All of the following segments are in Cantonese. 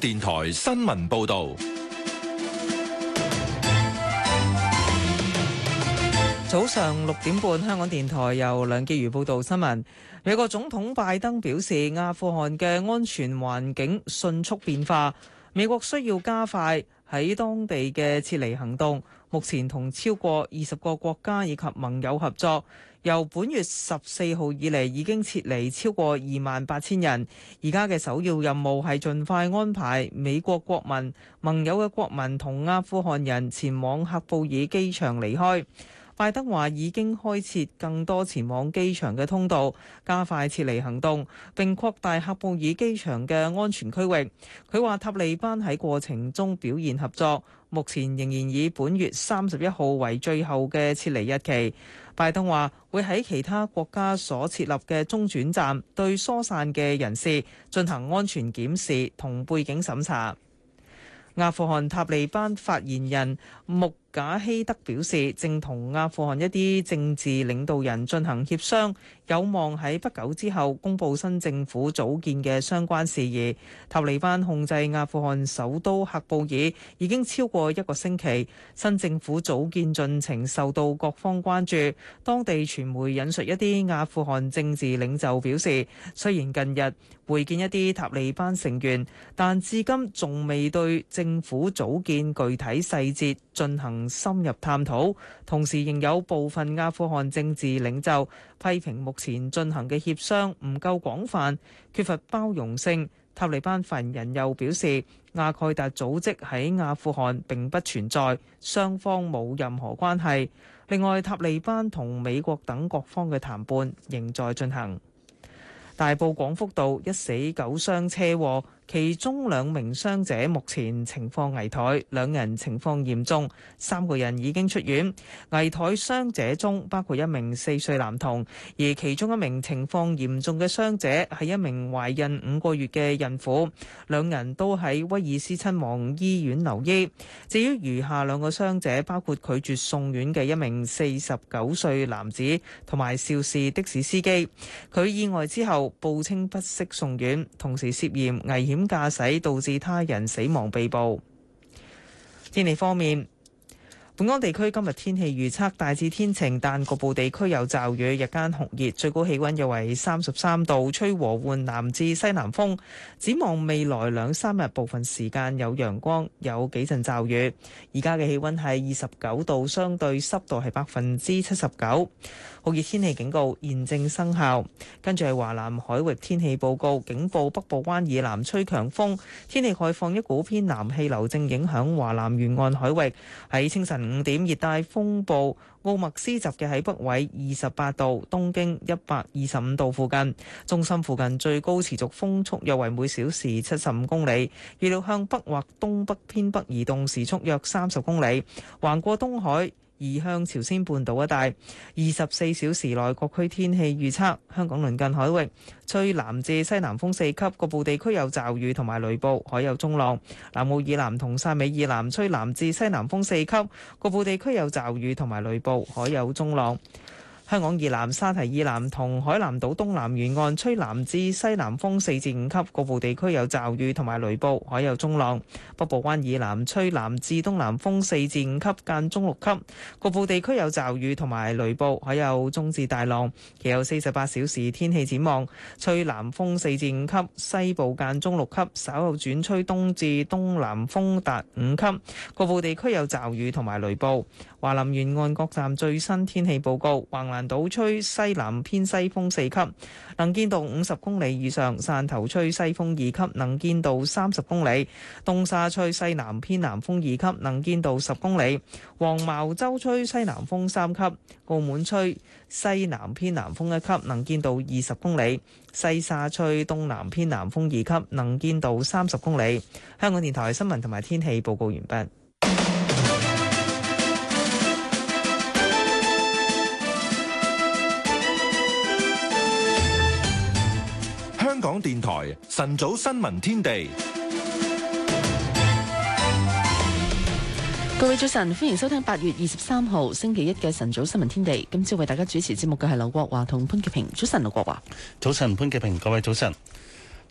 電台新聞報道，早上六點半，香港電台由梁潔如報道新聞。美國總統拜登表示，阿富汗嘅安全環境迅速變化，美國需要加快喺當地嘅撤離行動。目前同超過二十個國家以及盟友合作。由本月十四號以嚟，已經撤離超過二萬八千人。而家嘅首要任務係盡快安排美國國民、盟友嘅國民同阿富汗人前往喀布爾機場離開。拜登話已經開設更多前往機場嘅通道，加快撤離行動，並擴大喀布爾機場嘅安全區域。佢話塔利班喺過程中表現合作，目前仍然以本月三十一號為最後嘅撤離日期。拜登話會喺其他國家所設立嘅中轉站對疏散嘅人士進行安全檢視同背景審查。阿富汗塔利班發言人穆賈希德表示，正同阿富汗一啲政治領導人進行協商，有望喺不久之後公佈新政府組建嘅相關事宜。塔利班控制阿富汗首都喀布爾已經超過一個星期，新政府組建進程受到各方關注。當地傳媒引述一啲阿富汗政治領袖表示，雖然近日會見一啲塔利班成員，但至今仲未對政府組建具體細節進行深入探討。同時，仍有部分阿富汗政治領袖批評目前進行嘅協商唔夠廣泛，缺乏包容性。塔利班份人又表示，阿蓋達組織喺阿富汗並不存在，雙方冇任何關係。另外，塔利班同美國等各方嘅談判仍在進行。大埔廣福道一死九傷車禍。其中兩名傷者目前情況危殆，兩人情況嚴重，三個人已經出院。危殆傷者中包括一名四歲男童，而其中一名情況嚴重嘅傷者係一名懷孕五個月嘅孕婦，兩人都喺威爾斯親王醫院留醫。至於餘下兩個傷者，包括拒絕送院嘅一名四十九歲男子同埋肇事的士司機，佢意外之後報稱不適送院，同時涉嫌危險駕駛導致他人死亡被捕。天氣方面。本港地區今日天氣預測，大致天晴，但局部地區有驟雨，日間酷熱，最高氣溫約為三十三度，吹和緩南至西南風，展望未來兩三日，部分時間有陽光，有幾陣驟雨。而家嘅氣溫係二十九度，相對濕度係百分之七十九。酷熱天氣警告現正生效。跟住係華南海域天氣報告，警報，北部灣以南吹強風，天氣開放，一股偏南氣流正影響華南沿岸海域，喺清晨，五點熱帶風暴奧麥斯集嘅喺北緯二十八度、東經一百二十五度附近，中心附近最高持續風速約為每小時七十五公里，預料向北或東北偏北移動，時速約三十公里，橫過東海。移向朝鮮半島一帶，二十四小時內各區天氣預測，香港鄰近海域吹南至西南風四級，各部地區有驟雨同埋雷暴，海有中浪。南澳以南同汕尾以南吹南至西南風四級，各部地區有驟雨同埋雷暴，海有中浪。香港以南、沙堤以南同海南島東南沿岸吹南至西南風四至五級，局部地區有驟雨同埋雷暴，海有中浪。北部灣以南吹南至東南風四至五級間中六級，局部地區有驟雨同埋雷暴，海有中至大浪。其後四十八小時天氣展望：吹南風四至五級，西部間中六級，稍後轉吹東至東南風達五級，局部地區有驟雨同埋雷暴。華林沿岸各站最新天氣報告：橫瀾島吹西南偏西風四級，能見度五十公里以上；汕頭吹西風二級，能見度三十公里；東沙吹西南偏南風二級，能見度十公里；黃茅洲吹西南風三級；澳門吹西南偏南風一級，能見度二十公里；西沙吹東南偏南風二級，能見度三十公里。香港電台新聞同埋天氣報告完畢。香港電台晨早新聞天地，各位早晨，歡迎收聽八月二十三號星期一嘅晨早新聞天地。今朝為大家主持節目嘅係劉國華同潘潔平。早晨，劉國華，早晨，潘潔平，各位早晨。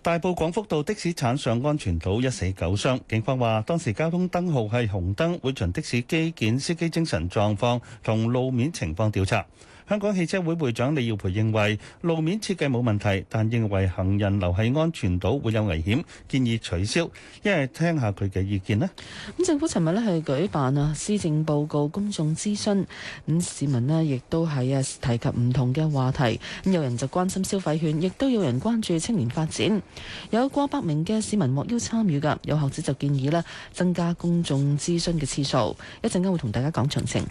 大埔廣福道的士鏟上安全島，一死九傷。警方話當時交通燈號係紅燈，會循的士機件、司機精神狀況同路面情況調查。香港汽車會會長李耀培認為路面設計冇問題，但認為行人留喺安全島會有危險，建議取消。因為聽下佢嘅意見啦。政府尋日咧係舉辦啊施政報告公眾諮詢，市民咧亦都係啊提及唔同嘅話題。咁有人就關心消費券，亦都有人關注青年發展。有過百名嘅市民獲邀參與㗎，有學者就建議咧增加公眾諮詢嘅次數。一陣間會同大家講詳情。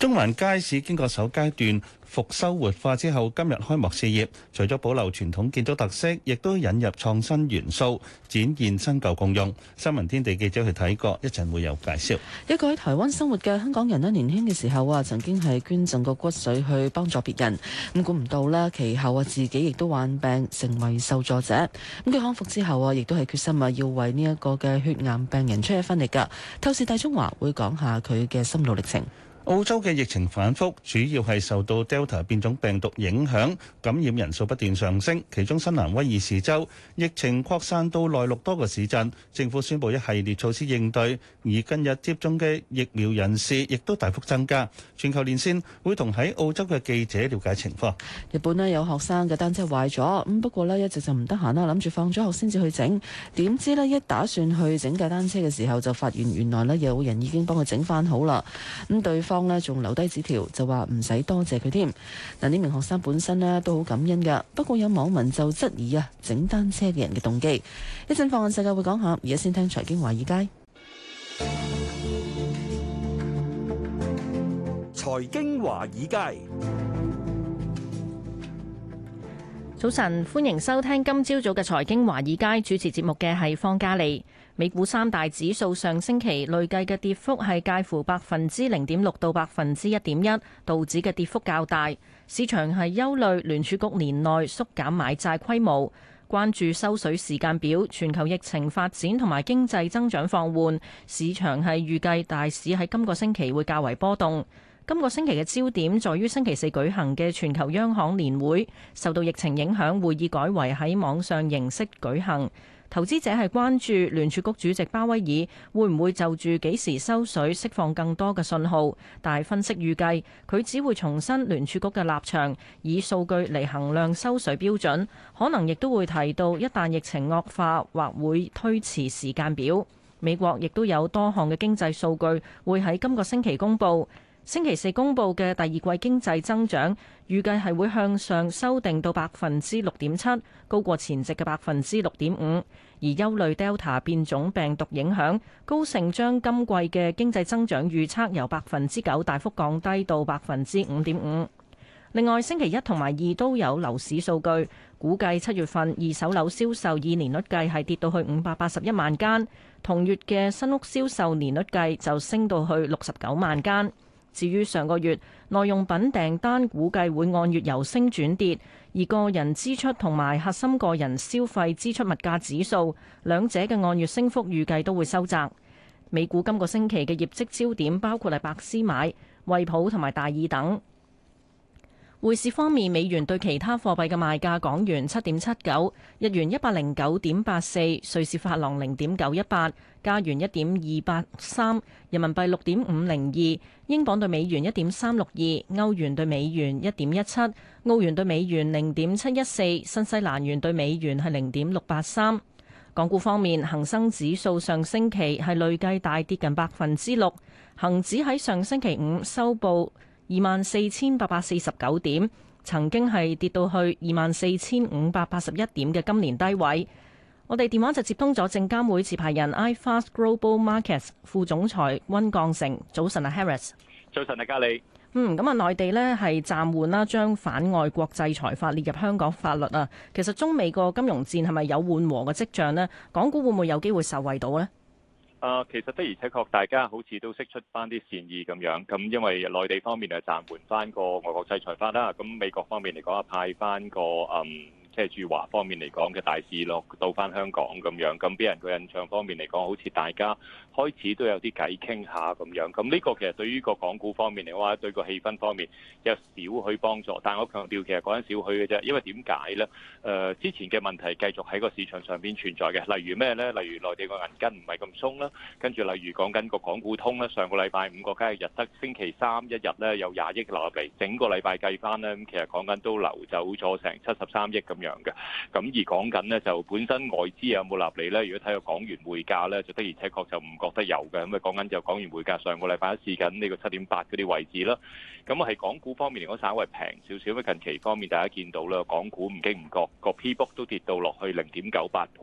中環街市經過首階段復修活化之後，今日開幕試業。除咗保留傳統建築特色，亦都引入創新元素，展現新舊共用。新聞天地記者去睇過，一陣會有介紹。一個喺台灣生活嘅香港人咧，年輕嘅時候啊，曾經係捐贈過骨髓去幫助別人。咁估唔到咧，其後啊，自己亦都患病成為受助者。咁佢康復之後啊，亦都係決心啊，要為呢一個嘅血癌病人出一分力㗎。透視大中華會講下佢嘅心路歷程。澳洲嘅疫情反覆，主要係受到 Delta 變種病毒影響，感染人數不斷上升。其中新南威爾士州疫情擴散到內陸多個市鎮，政府宣布一系列措施應對。而近日接種嘅疫苗人士亦都大幅增加。全球連線會同喺澳洲嘅記者了解情況。日本呢有學生嘅單車壞咗，咁不過呢一直就唔得閒啦，諗住放咗學先至去整。點知呢一打算去整架單車嘅時候，就發現原來呢有人已經幫佢整返好啦。咁對方，咧仲留低紙條，就話唔使多謝佢添。嗱，呢名學生本身咧都好感恩噶，不過有網民就質疑啊，整單車嘅人嘅動機。一陣放眼世界會講下，而家先聽財經華爾街。財經華爾街，早晨，歡迎收聽今朝早嘅財經華爾街，主持節目嘅係方嘉莉。美股三大指數上星期累計嘅跌幅係介乎百分之零點六到百分之一點一，道指嘅跌幅較大。市場係憂慮聯儲局年內縮減買債規模，關注收水時間表、全球疫情發展同埋經濟增長放緩。市場係預計大市喺今個星期會較為波動。今個星期嘅焦點在於星期四舉行嘅全球央行年會，受到疫情影響，會議改為喺網上形式舉行。投資者係關注聯儲局主席鮑威爾會唔會就住幾時收水釋放更多嘅信號，但係分析預計佢只會重申聯儲局嘅立場，以數據嚟衡量收水標準，可能亦都會提到一旦疫情惡化或會推遲時間表。美國亦都有多項嘅經濟數據會喺今個星期公布，星期四公布嘅第二季經濟增長。預計係會向上修訂到百分之六點七，高過前值嘅百分之六點五。而憂慮 Delta 變種病毒影響，高盛將今季嘅經濟增長預測由百分之九大幅降低到百分之五點五。另外，星期一同埋二都有樓市數據，估計七月份二手樓銷售以年率計係跌到去五百八十一萬間，同月嘅新屋銷售年率計就升到去六十九萬間。至於上個月耐用品訂單，估計會按月由升轉跌；而個人支出同埋核心個人消費支出物價指數，兩者嘅按月升幅預計都會收窄。美股今個星期嘅業績焦點包括係百思買、惠普同埋戴爾等。匯市方面，美元對其他貨幣嘅賣價：港元七點七九，日元一百零九點八四，瑞士法郎零點九一八，加元一點二八三，人民幣六點五零二，英鎊對美元一點三六二，歐元對美元一點一七，澳元對美元零點七一四，新西蘭元對美元係零點六八三。港股方面，恒生指數上星期係累計大跌近百分之六，恒指喺上星期五收報。二萬四千八百四十九點，曾經係跌到去二萬四千五百八十一點嘅今年低位。我哋電話就接通咗證監會持牌人 iFast Global Markets 副總裁温鋼成。早晨啊，Harris。早晨啊，嘉利。嗯，咁啊，內地呢係暫緩啦，將反外國制裁法列入香港法律啊。其實中美個金融戰係咪有緩和嘅跡象呢？港股會唔會有機會受惠到呢？啊，uh, 其實的而且確，大家好似都釋出翻啲善意咁樣，咁因為內地方面就暫緩翻個外國制裁法啦，咁美國方面嚟講啊，派翻個嗯。即係住華方面嚟講嘅大事咯，到翻香港咁樣，咁俾人個印象方面嚟講，好似大家開始都有啲偈傾下咁樣。咁呢個其實對於個港股方面嚟話，對個氣氛方面有少許幫助。但係我強調，其實講緊少許嘅啫。因為點解呢？誒、呃，之前嘅問題繼續喺個市場上邊存在嘅。例如咩呢？例如內地個銀根唔係咁鬆啦，跟住例如講緊個港股通咧。上個禮拜五個交易日得星期三一日呢，有廿億流入嚟，整個禮拜計翻呢。咁其實講緊都流走咗成七十三億咁樣。嘅咁而講緊咧，就本身外資有冇納利咧？如果睇到港元匯價咧，的而且確就唔覺得有嘅咁啊。講緊就港元匯價，上個禮拜試緊呢個七點八嗰啲位置啦。咁啊，喺港股方面嚟講，稍微平少少咩？近期方面，大家見到啦，港股唔經唔覺個 P book 都跌到落去零點九八倍，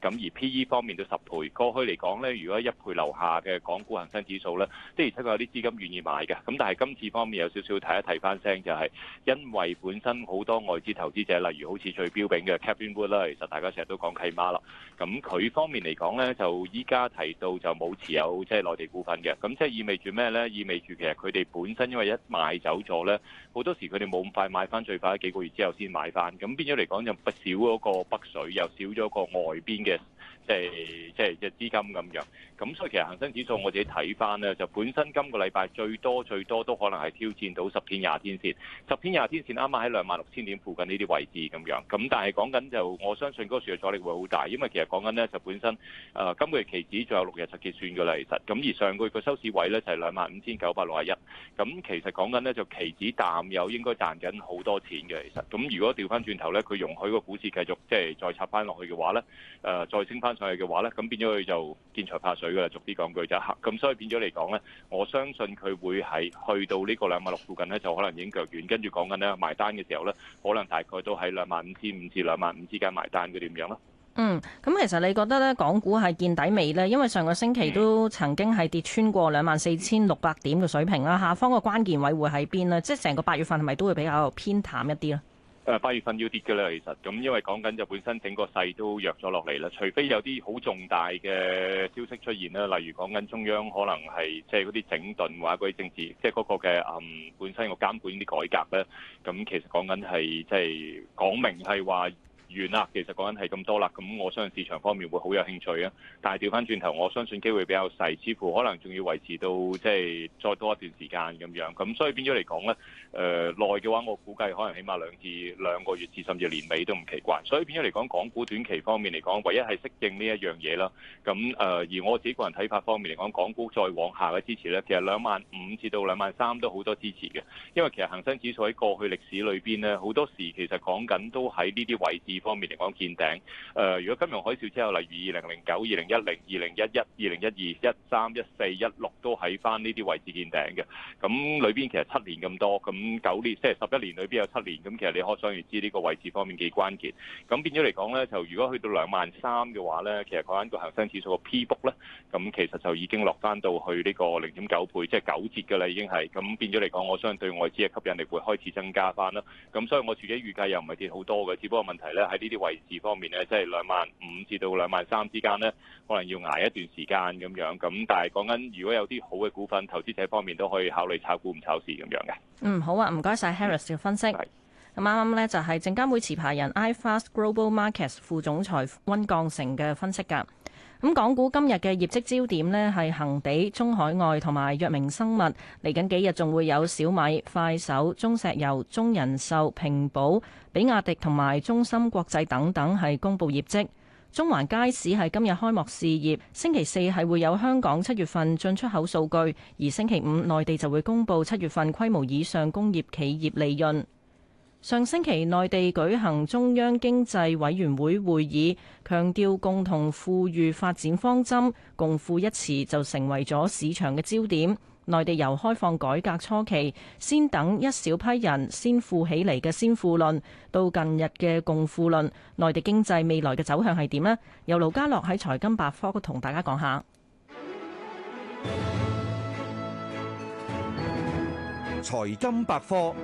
咁而 P E 方面都十倍。過去嚟講咧，如果一倍樓下嘅港股恆生指數咧，的而且確有啲資金願意買嘅。咁但係今次方面有少少睇一睇翻聲，就係因為本身好多外資投資者，例如好似。最標炳嘅 Cathie Wood 啦，其實大家成日都講契媽啦。咁佢方面嚟講咧，就依家提到就冇持有即係內地股份嘅。咁即係意味住咩咧？意味住其實佢哋本身因為一賣走咗咧，好多時佢哋冇咁快買翻，最快幾個月之後先買翻。咁變咗嚟講，就不少嗰個北水，又少咗個外邊嘅。即係即係即係資金咁樣，咁所以其實恒生指數我自己睇翻呢，就本身今個禮拜最多最多都可能係挑戰到十天廿天線，十天廿天線啱啱喺兩萬六千點附近呢啲位置咁樣，咁但係講緊就我相信嗰時嘅阻力會好大，因為其實講緊呢就本身誒、呃、今個月期指仲有六日就結算噶啦，其實咁而上個月個收市位呢就係兩萬五千九百六十一，咁其實講緊呢就期指淡有應該賺緊好多錢嘅，其實咁如果調翻轉頭呢，佢容許個股市繼續即係再插翻落去嘅話呢，誒、呃、再升翻。係嘅話咧，咁變咗佢就見財怕水㗎啦，俗啲講句就，咁所以變咗嚟講咧，我相信佢會係去到呢個兩萬六附近咧，就可能已經腳軟，跟住講緊咧埋單嘅時候咧，可能大概都喺兩萬五千五至兩萬五之間埋單，佢點樣咯？嗯，咁其實你覺得咧，港股係見底未咧？因為上個星期都曾經係跌穿過兩萬四千六百點嘅水平啦，下方個關鍵位會喺邊咧？即係成個八月份係咪都會比較偏淡一啲咧？誒八月份要跌嘅啦，其實，咁因為講緊就本身整個勢都弱咗落嚟啦，除非有啲好重大嘅消息出現啦，例如講緊中央可能係即係嗰啲整頓或者嗰啲政治，即係嗰個嘅誒本身個監管啲改革咧，咁其實講緊係即係講明係話。完啦，其實講緊係咁多啦，咁我相信市場方面會好有興趣啊。但係調翻轉頭，我相信機會比較細，似乎可能仲要維持到即係再多一段時間咁樣。咁所以變咗嚟講咧，誒耐嘅話，我估計可能起碼兩至兩個月至甚至年尾都唔奇怪。所以變咗嚟講，港股短期方面嚟講，唯一係適應呢一樣嘢啦。咁誒而我自己個人睇法方面嚟講，港股再往下嘅支持咧，其實兩萬五至到兩萬三都好多支持嘅，因為其實恒生指數喺過去歷史裏邊咧，好多時其實講緊都喺呢啲位置。方面嚟講見頂，誒、呃，如果金融海嘯之後，例如二零零九、二零一零、二零一一、二零一二、一三、一四、一六，都喺翻呢啲位置見頂嘅。咁裏邊其實七年咁多，咁九年即係十一年裏邊有七年，咁其實你可想而知呢個位置方面幾關鍵。咁變咗嚟講呢，就如果去到兩萬三嘅話呢，其實嗰間個恆生指數個 P 股呢，咁其實就已經落翻到去呢個零點九倍，即係九折嘅啦，已經係。咁變咗嚟講，我相信對外資嘅吸引力會開始增加翻啦。咁所以我自己預計又唔係跌好多嘅，只不過問題呢。喺呢啲位置方面咧，即係兩萬五至到兩萬三之間咧，可能要捱一段時間咁樣。咁但係講緊如果有啲好嘅股份，投資者方面都可以考慮炒股唔炒市咁樣嘅。嗯，好啊，唔該晒。Harris 嘅分析。係咁啱啱咧，剛剛就係證監會持牌人 iFast Global Markets 副總裁温鋼成嘅分析㗎。咁港股今日嘅業績焦點呢，係恒地、中海外同埋藥明生物。嚟緊幾日仲會有小米、快手、中石油、中人壽、平保、比亞迪同埋中芯國際等等係公布業績。中環街市係今日開幕試業，星期四係會有香港七月份進出口數據，而星期五內地就會公布七月份規模以上工業企業利潤。上星期內地舉行中央經濟委員會會議，強調共同富裕發展方針，共富一詞就成為咗市場嘅焦點。內地由開放改革初期，先等一小批人先富起嚟嘅先富論，到近日嘅共富論，內地經濟未來嘅走向係點呢？由盧家樂喺財金百科同大家講下。財金百科。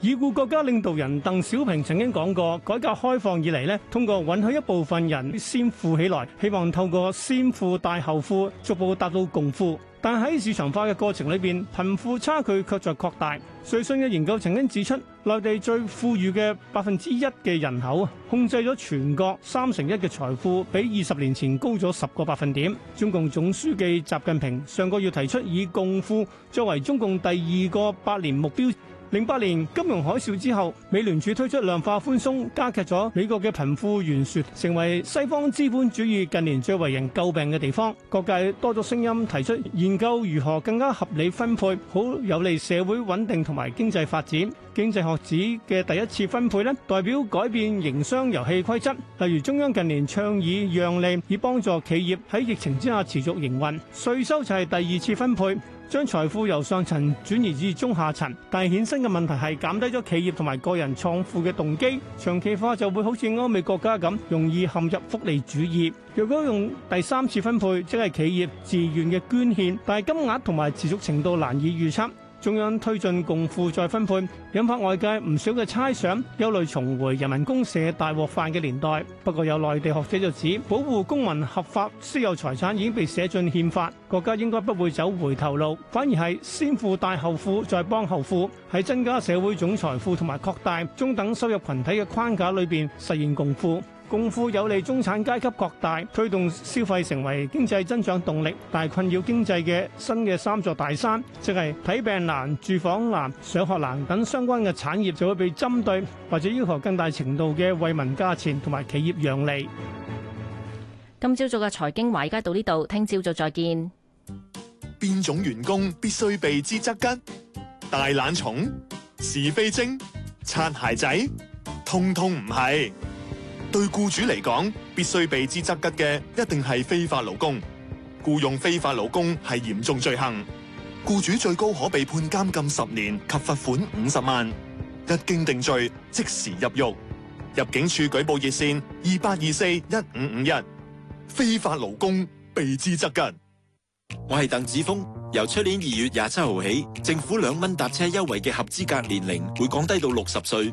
已故國家領導人鄧小平曾經講過，改革開放以嚟咧，通過允許一部分人先富起來，希望透過先富帶後富，逐步達到共富。但喺市場化嘅過程裏邊，貧富差距卻在擴大。瑞信嘅研究曾經指出，內地最富裕嘅百分之一嘅人口，控制咗全國三成一嘅財富，比二十年前高咗十個百分點。中共總書記習近平上個月提出，以共富作為中共第二個百年目標。零八年金融海嘯之後，美聯儲推出量化寬鬆，加劇咗美國嘅貧富懸殊，成為西方資本主義近年最為人詬病嘅地方。各界多咗聲音提出研究如何更加合理分配，好有利社會穩定同埋經濟發展。經濟學指嘅第一次分配呢，代表改變營商遊戲規則，例如中央近年倡議讓利，以幫助企業喺疫情之下持續營運，稅收就係第二次分配。將財富由上層轉移至中下層，但係衍生嘅問題係減低咗企業同埋個人創富嘅動機，長期化就會好似歐美國家咁，容易陷入福利主義。若果用第三次分配，即係企業自願嘅捐獻，但係金額同埋持續程度難以預測。中央推進共富再分配，引發外界唔少嘅猜想，憂慮重回人民公社大鍋飯嘅年代。不過有內地學者就指，保護公民合法私有財產已經被寫進憲法，國家應該不會走回頭路，反而係先富帶後富，再幫後富，喺增加社會總財富同埋擴大中等收入群體嘅框架裏邊實現共富。共富有利中產階級擴大，推動消費成為經濟增長動力，但係困擾經濟嘅新嘅三座大山，即係睇病難、住房難、上學難等相關嘅產業，就會被針對或者要求更大程度嘅為民加錢同埋企業讓利。今朝早嘅財經話而家到呢度，聽朝早再見。邊種員工必須避之則吉？大懶蟲、是非精、擦鞋仔，通通唔係。對雇主嚟講，必須避之則吉嘅一定係非法勞工，雇傭非法勞工係嚴重罪行，雇主最高可被判監禁十年及罰款五十萬，一經定罪即時入獄。入境處舉報熱線二八二四一五五一，非法勞工避之則吉。我係鄧子峰，由出年二月廿七號起，政府兩蚊搭車優惠嘅合資格年齡會降低到六十歲。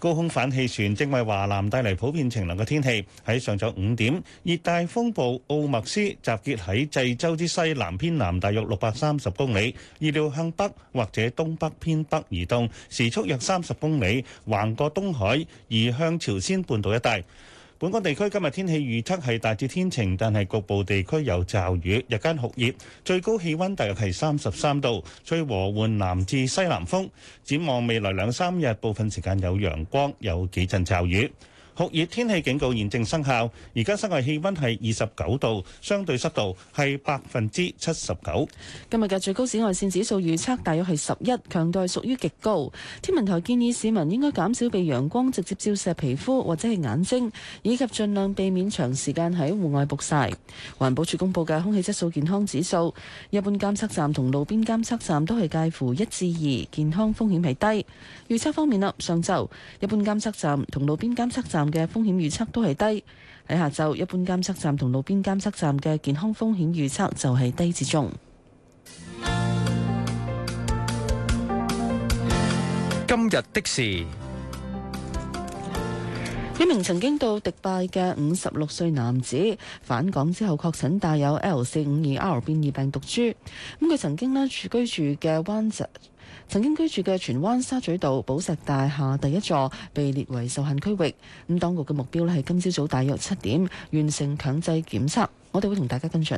高空反氣旋正為華南帶嚟普遍晴朗嘅天氣。喺上晝五點，熱帶風暴奧麥斯集結喺濟州之西南偏南大約六百三十公里，預料向北或者東北偏北移動，時速約三十公里，橫過東海，移向朝鮮半島一帶。本港地區今日天氣預測係大致天晴，但係局部地區有驟雨，日間酷熱，最高氣温大約係三十三度，吹和緩南至西南風。展望未來兩三日，部分時間有陽光，有幾陣驟雨。酷熱天氣警告現正生效，而家室外氣温係二十九度，相對濕度係百分之七十九。今日嘅最高紫外線指數預測大約係十一，強度係屬於極高。天文台建議市民應該減少被陽光直接照射皮膚或者係眼睛，以及盡量避免長時間喺戶外曝曬。環保署公布嘅空氣質素健康指數，一般監測站同路邊監測站都係介乎一至二，健康風險係低。預測方面啦，上晝一般監測站同路邊監測站嘅風險預測都係低，喺下晝一般監測站同路邊監測站嘅健康風險預測就係低至中。今日的事，一名曾經到迪拜嘅五十六歲男子返港之後，確診帶有 L 四五二 R 變異病毒株。咁佢曾經住居住嘅灣仔。曾經居住嘅荃灣沙咀道寶石大廈第一座被列為受限區域，咁當局嘅目標咧係今朝早大約七點完成強制檢測，我哋會同大家跟進。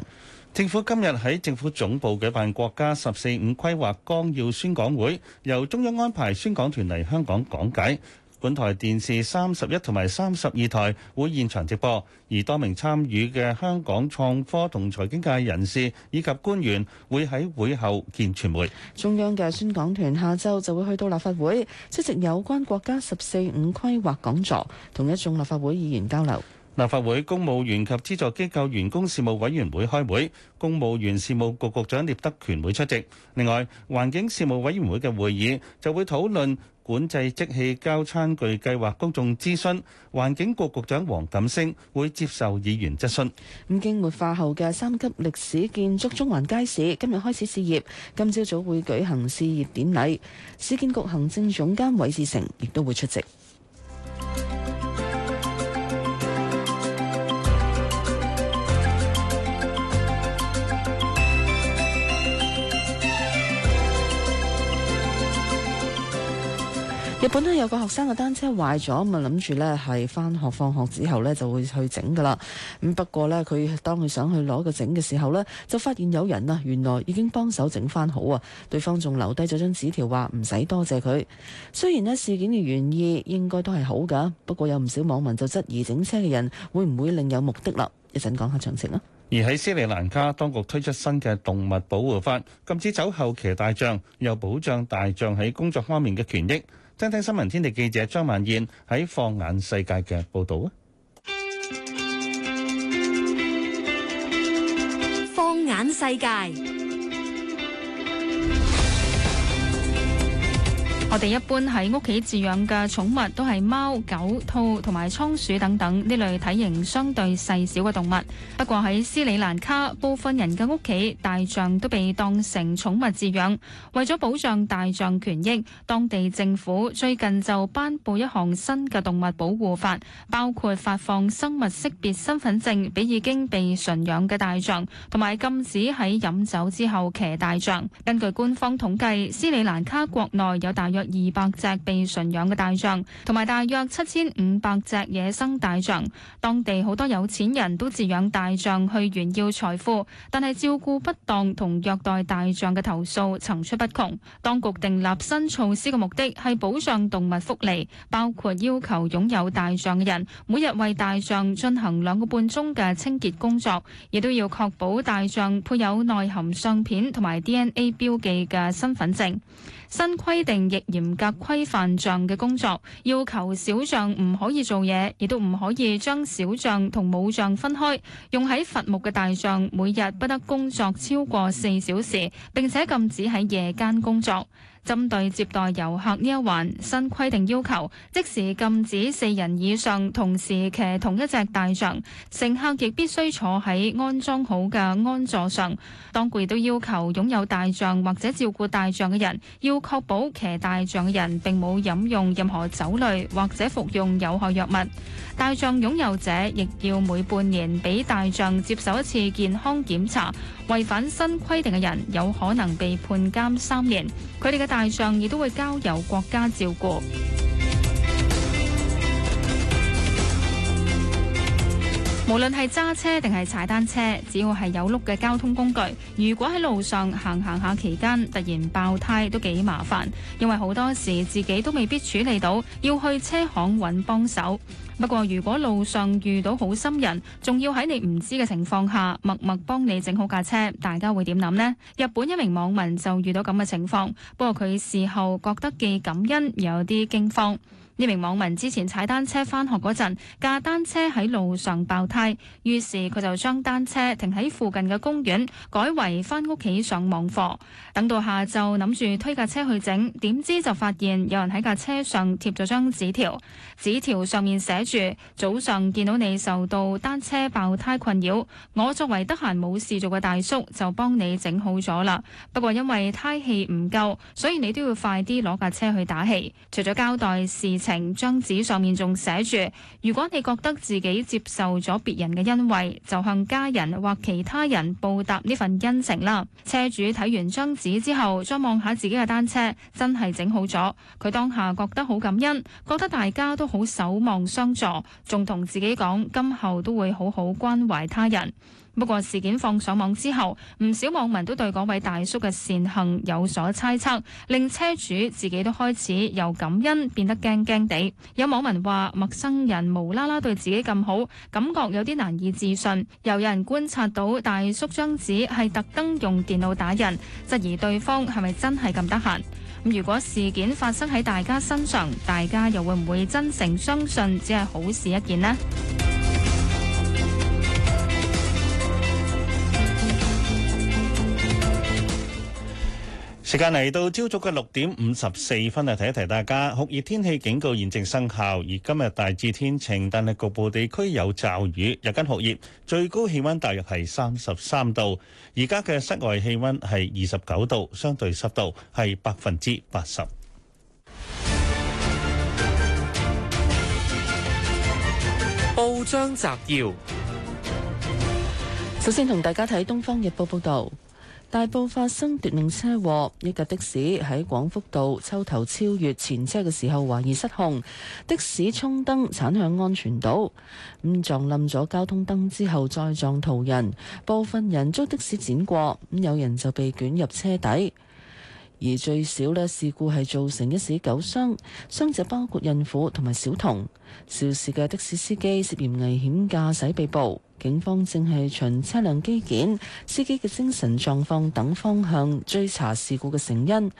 政府今日喺政府總部舉辦國家十四五規劃綱要宣講會，由中央安排宣講團嚟香港講解。本台電視三十一同埋三十二台會現場直播，而多名參與嘅香港創科同財經界人士以及官員會喺會後見傳媒。中央嘅宣講團下週就會去到立法會出席有關國家十四五規劃講座，同一眾立法會議員交流。立法會公務員及資助機構員工事務委員會開會，公務員事務局局局長聶德權會出席。另外，環境事務委員會嘅會議就會討論。管制即棄膠餐具計劃公眾諮詢，環境局局長黃錦星會接受議員質詢，咁經活化後嘅三級歷史建築中環街市今日開始試業，今朝早會舉行試業典禮，市建局行政總監韋志成亦都會出席。日本呢有個學生嘅單車壞咗，咪諗住呢係翻學放學之後呢就會去整噶啦。咁不過呢，佢當佢想去攞個整嘅時候呢，就發現有人啊，原來已經幫手整翻好啊。對方仲留低咗張紙條，話唔使多謝佢。雖然呢事件嘅原意應該都係好噶，不過有唔少網民就質疑整車嘅人會唔會另有目的啦。一陣講下詳情啊。而喺斯里蘭卡，當局推出新嘅動物保護法，禁止走後騎大象，又保障大象喺工作方面嘅權益。聽聽新聞天地記者張萬燕喺放眼世界嘅報道啊！放眼世界。我哋一般喺屋企飼養嘅寵物都係貓、狗、兔同埋倉鼠等等呢類體型相對細小嘅動物。不過喺斯里蘭卡，部分人嘅屋企大象都被當成寵物飼養，為咗保障大象權益，當地政府最近就頒布一項新嘅動物保護法，包括發放生物識別身份證俾已經被馴養嘅大象，同埋禁止喺飲酒之後騎大象。根據官方統計，斯里蘭卡國內有大約二百隻被馴養嘅大象，同埋大約七千五百隻野生大象，當地好多有錢人都飼養大象去炫耀財富，但係照顧不當同虐待大象嘅投訴層出不窮。當局訂立新措施嘅目的係保障動物福利，包括要求擁有大象嘅人每日為大象進行兩個半鐘嘅清潔工作，亦都要確保大象配有內含相片同埋 DNA 標記嘅身份證。新規定亦嚴格規範象嘅工作，要求小象唔可以做嘢，亦都唔可以將小象同母象分開。用喺伐木嘅大象每日不得工作超過四小時，並且禁止喺夜間工作。針對接待遊客呢一環，新規定要求即時禁止四人以上同時騎同一隻大象，乘客亦必須坐喺安裝好嘅鞍座上。當局亦都要求擁有大象或者照顧大象嘅人，要確保騎大象嘅人並冇飲用任何酒類或者服用有害藥物。大象擁有者亦要每半年俾大象接受一次健康檢查。違反新規定嘅人有可能被判監三年。佢哋嘅大象亦都會交由國家照顧。 無論係揸車定係踩單車，只要係有轆嘅交通工具，如果喺路上行行下，期間突然爆胎都幾麻煩，因為好多時自己都未必處理到，要去車行揾幫手。不過如果路上遇到好心人，仲要喺你唔知嘅情況下默默幫你整好架車，大家會點諗呢？日本一名網民就遇到咁嘅情況，不過佢事後覺得既感恩又有啲驚慌。呢名網民之前踩單車返學嗰陣，架單車喺路上爆胎，於是佢就將單車停喺附近嘅公園，改為翻屋企上網課。等到下晝諗住推架車去整，點知就發現有人喺架車上貼咗張紙條，紙條上面寫住：早上見到你受到單車爆胎困擾，我作為得閒冇事做嘅大叔就幫你整好咗啦。不過因為胎氣唔夠，所以你都要快啲攞架車去打氣。除咗交代事情，張紙上面仲寫住：如果你覺得自己接受咗別人嘅恩惠，就向家人或其他人報答呢份恩情啦。車主睇完張紙之後，再望下自己嘅單車，真係整好咗。佢當下覺得好感恩，覺得大家都好守望相助，仲同自己講，今後都會好好關懷他人。不過事件放上網之後，唔少網民都對嗰位大叔嘅善行有所猜測，令車主自己都開始由感恩變得驚驚地。有網民話：陌生人無啦啦對自己咁好，感覺有啲難以置信。又有人觀察到大叔張紙係特登用電腦打人，質疑對方係咪真係咁得閒？咁如果事件發生喺大家身上，大家又會唔會真誠相信只係好事一件呢？時間嚟到朝早嘅六點五十四分，嚟提一提大家，酷熱天氣警告現正生效，而今日大致天晴，但係局部地區有驟雨，日間酷熱，最高氣溫大約係三十三度，而家嘅室外氣溫係二十九度，相對濕度係百分之八十。報章摘要，首先同大家睇《東方日報》報道。大埔發生奪命車禍，一架的士喺廣福道抽頭超越前車嘅時候懷疑失控，的士衝燈鏟向安全島，咁撞冧咗交通燈之後再撞途人，部分人遭的士剪過，咁有人就被捲入車底。而最少呢，事故係造成一死九傷，傷者包括孕婦同埋小童。肇事嘅的，的士司機涉嫌危險駕駛被捕，警方正係循車輛機件、司機嘅精神狀況等方向追查事故嘅成因。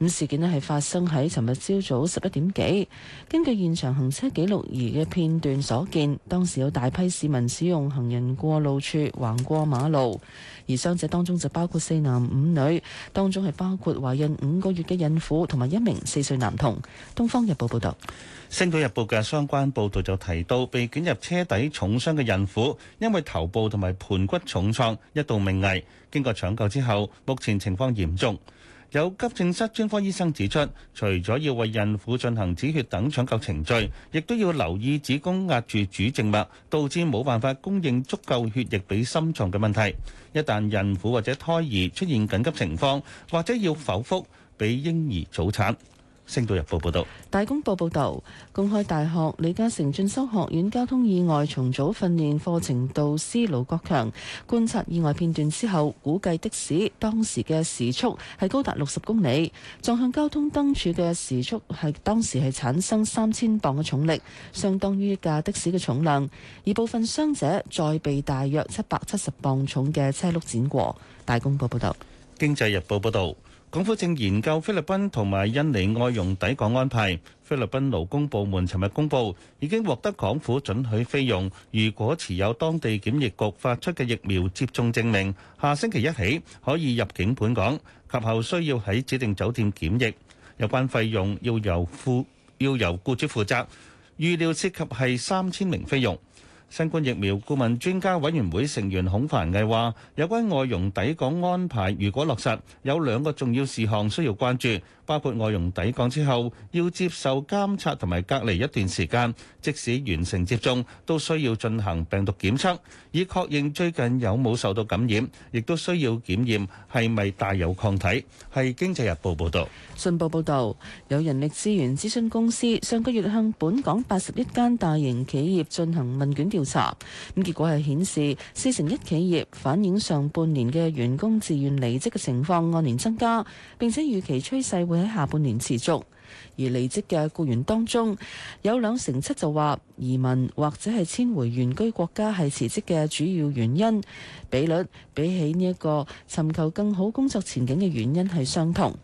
咁事件呢係發生喺尋日朝早十一點幾。根據現場行車記錄儀嘅片段所見，當時有大批市民使用行人過路處橫過馬路，而傷者當中就包括四男五女，當中係包括懷孕五個月嘅孕婦同埋一名四歲男童。《東方日報》報道，《星島日報》嘅相關報導就提到，被捲入車底重傷嘅孕婦，因為頭部同埋盆骨重創，一度命危，經過搶救之後，目前情況嚴重。有急症室專科醫生指出，除咗要為孕婦進行止血等搶救程序，亦都要留意子宮壓住主靜脈，導致冇辦法供應足夠血液俾心臟嘅問題。一旦孕婦或者胎兒出現緊急情況，或者要剖腹，俾嬰兒早產。星島日報報道，大公報報道，大公報報道，公開大學李嘉誠進修學院交通意外重組訓練課程導師盧國強觀察意外片段之後，估計的士當時嘅時速係高達六十公里，撞向交通燈柱嘅時速係當時係產生三千磅嘅重力，相當於一架的士嘅重量。而部分傷者再被大約七百七十磅重嘅車轆碾過。大公報報道，經濟日報報道。港府正研究菲律賓同埋印尼外傭抵港安排。菲律賓勞工部門尋日公佈，已經獲得港府准許菲傭，如果持有當地檢疫局發出嘅疫苗接種證明，下星期一起可以入境本港，及後需要喺指定酒店檢疫。有關費用要由負要由雇主負責，預料涉及係三千名菲傭。新冠疫苗顧問專家委員會成員孔凡毅話，有關外傭抵港安排，如果落實，有兩個重要事項需要關注。包括外傭抵港之後要接受監察同埋隔離一段時間，即使完成接種都需要進行病毒檢測以確認最近有冇受到感染，亦都需要檢驗係咪帶有抗體，係經濟日報報道，《信報》報道，有人力資源諮詢公司上個月向本港八十一間大型企業進行問卷調查，咁結果係顯示四成一企業反映上半年嘅員工自願離職嘅情況按年增加，並且預期趨勢會。會喺下半年持續，而離職嘅僱員當中，有兩成七就話移民或者係遷回原居國家係辭職嘅主要原因比率，比起呢一個尋求更好工作前景嘅原因係相同。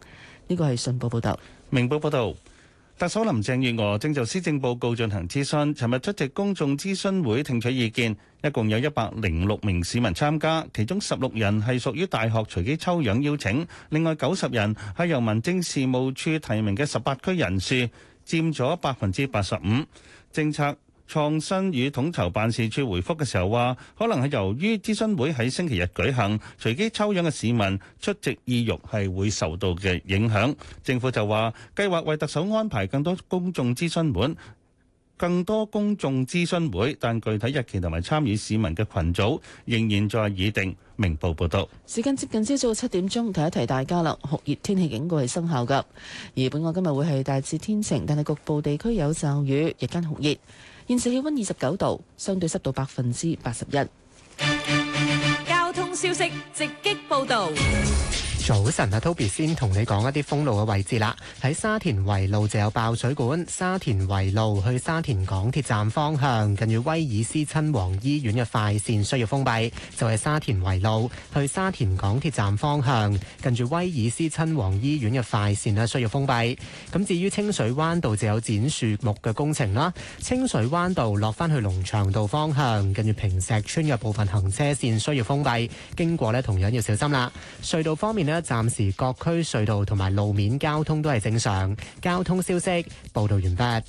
呢個係信報報道，明報報道。特首林鄭月娥正就施政報告進行諮詢，尋日出席公眾諮詢會聽取意見，一共有一百零六名市民參加，其中十六人係屬於大學隨機抽樣邀請，另外九十人係由民政事務處提名嘅十八區人士，佔咗百分之八十五政策。創新與統籌辦事處回覆嘅時候話，可能係由於諮詢會喺星期日舉行，隨機抽樣嘅市民出席意欲係會受到嘅影響。政府就話計劃為特首安排更多公眾諮詢會，更多公眾諮詢會，但具體日期同埋參與市民嘅群組仍然在議定。明報報道：「時間接近朝早七點鐘，提一提大家啦。酷熱天氣警告係生效噶，而本港今日會係大致天晴，但係局部地區有驟雨，日間酷熱。現時氣溫二十九度，相對濕度百分之八十一。交通消息直擊報道。早晨啊，Toby 先同你講一啲封路嘅位置啦。喺沙田圍路就有爆水管，沙田圍路去沙田港鐵站方向近住威爾斯親王醫院嘅快線需要封閉，就係沙田圍路去沙田港鐵站方向近住威爾斯親王醫院嘅快線咧需要封閉。咁至於清水灣道就有剪樹木嘅工程啦，清水灣道落翻去龍翔道方向近住平石邨嘅部分行車線需要封閉，經過咧同樣要小心啦。隧道方面咧。暫時各區隧道同埋路面交通都係正常。交通消息報道完畢。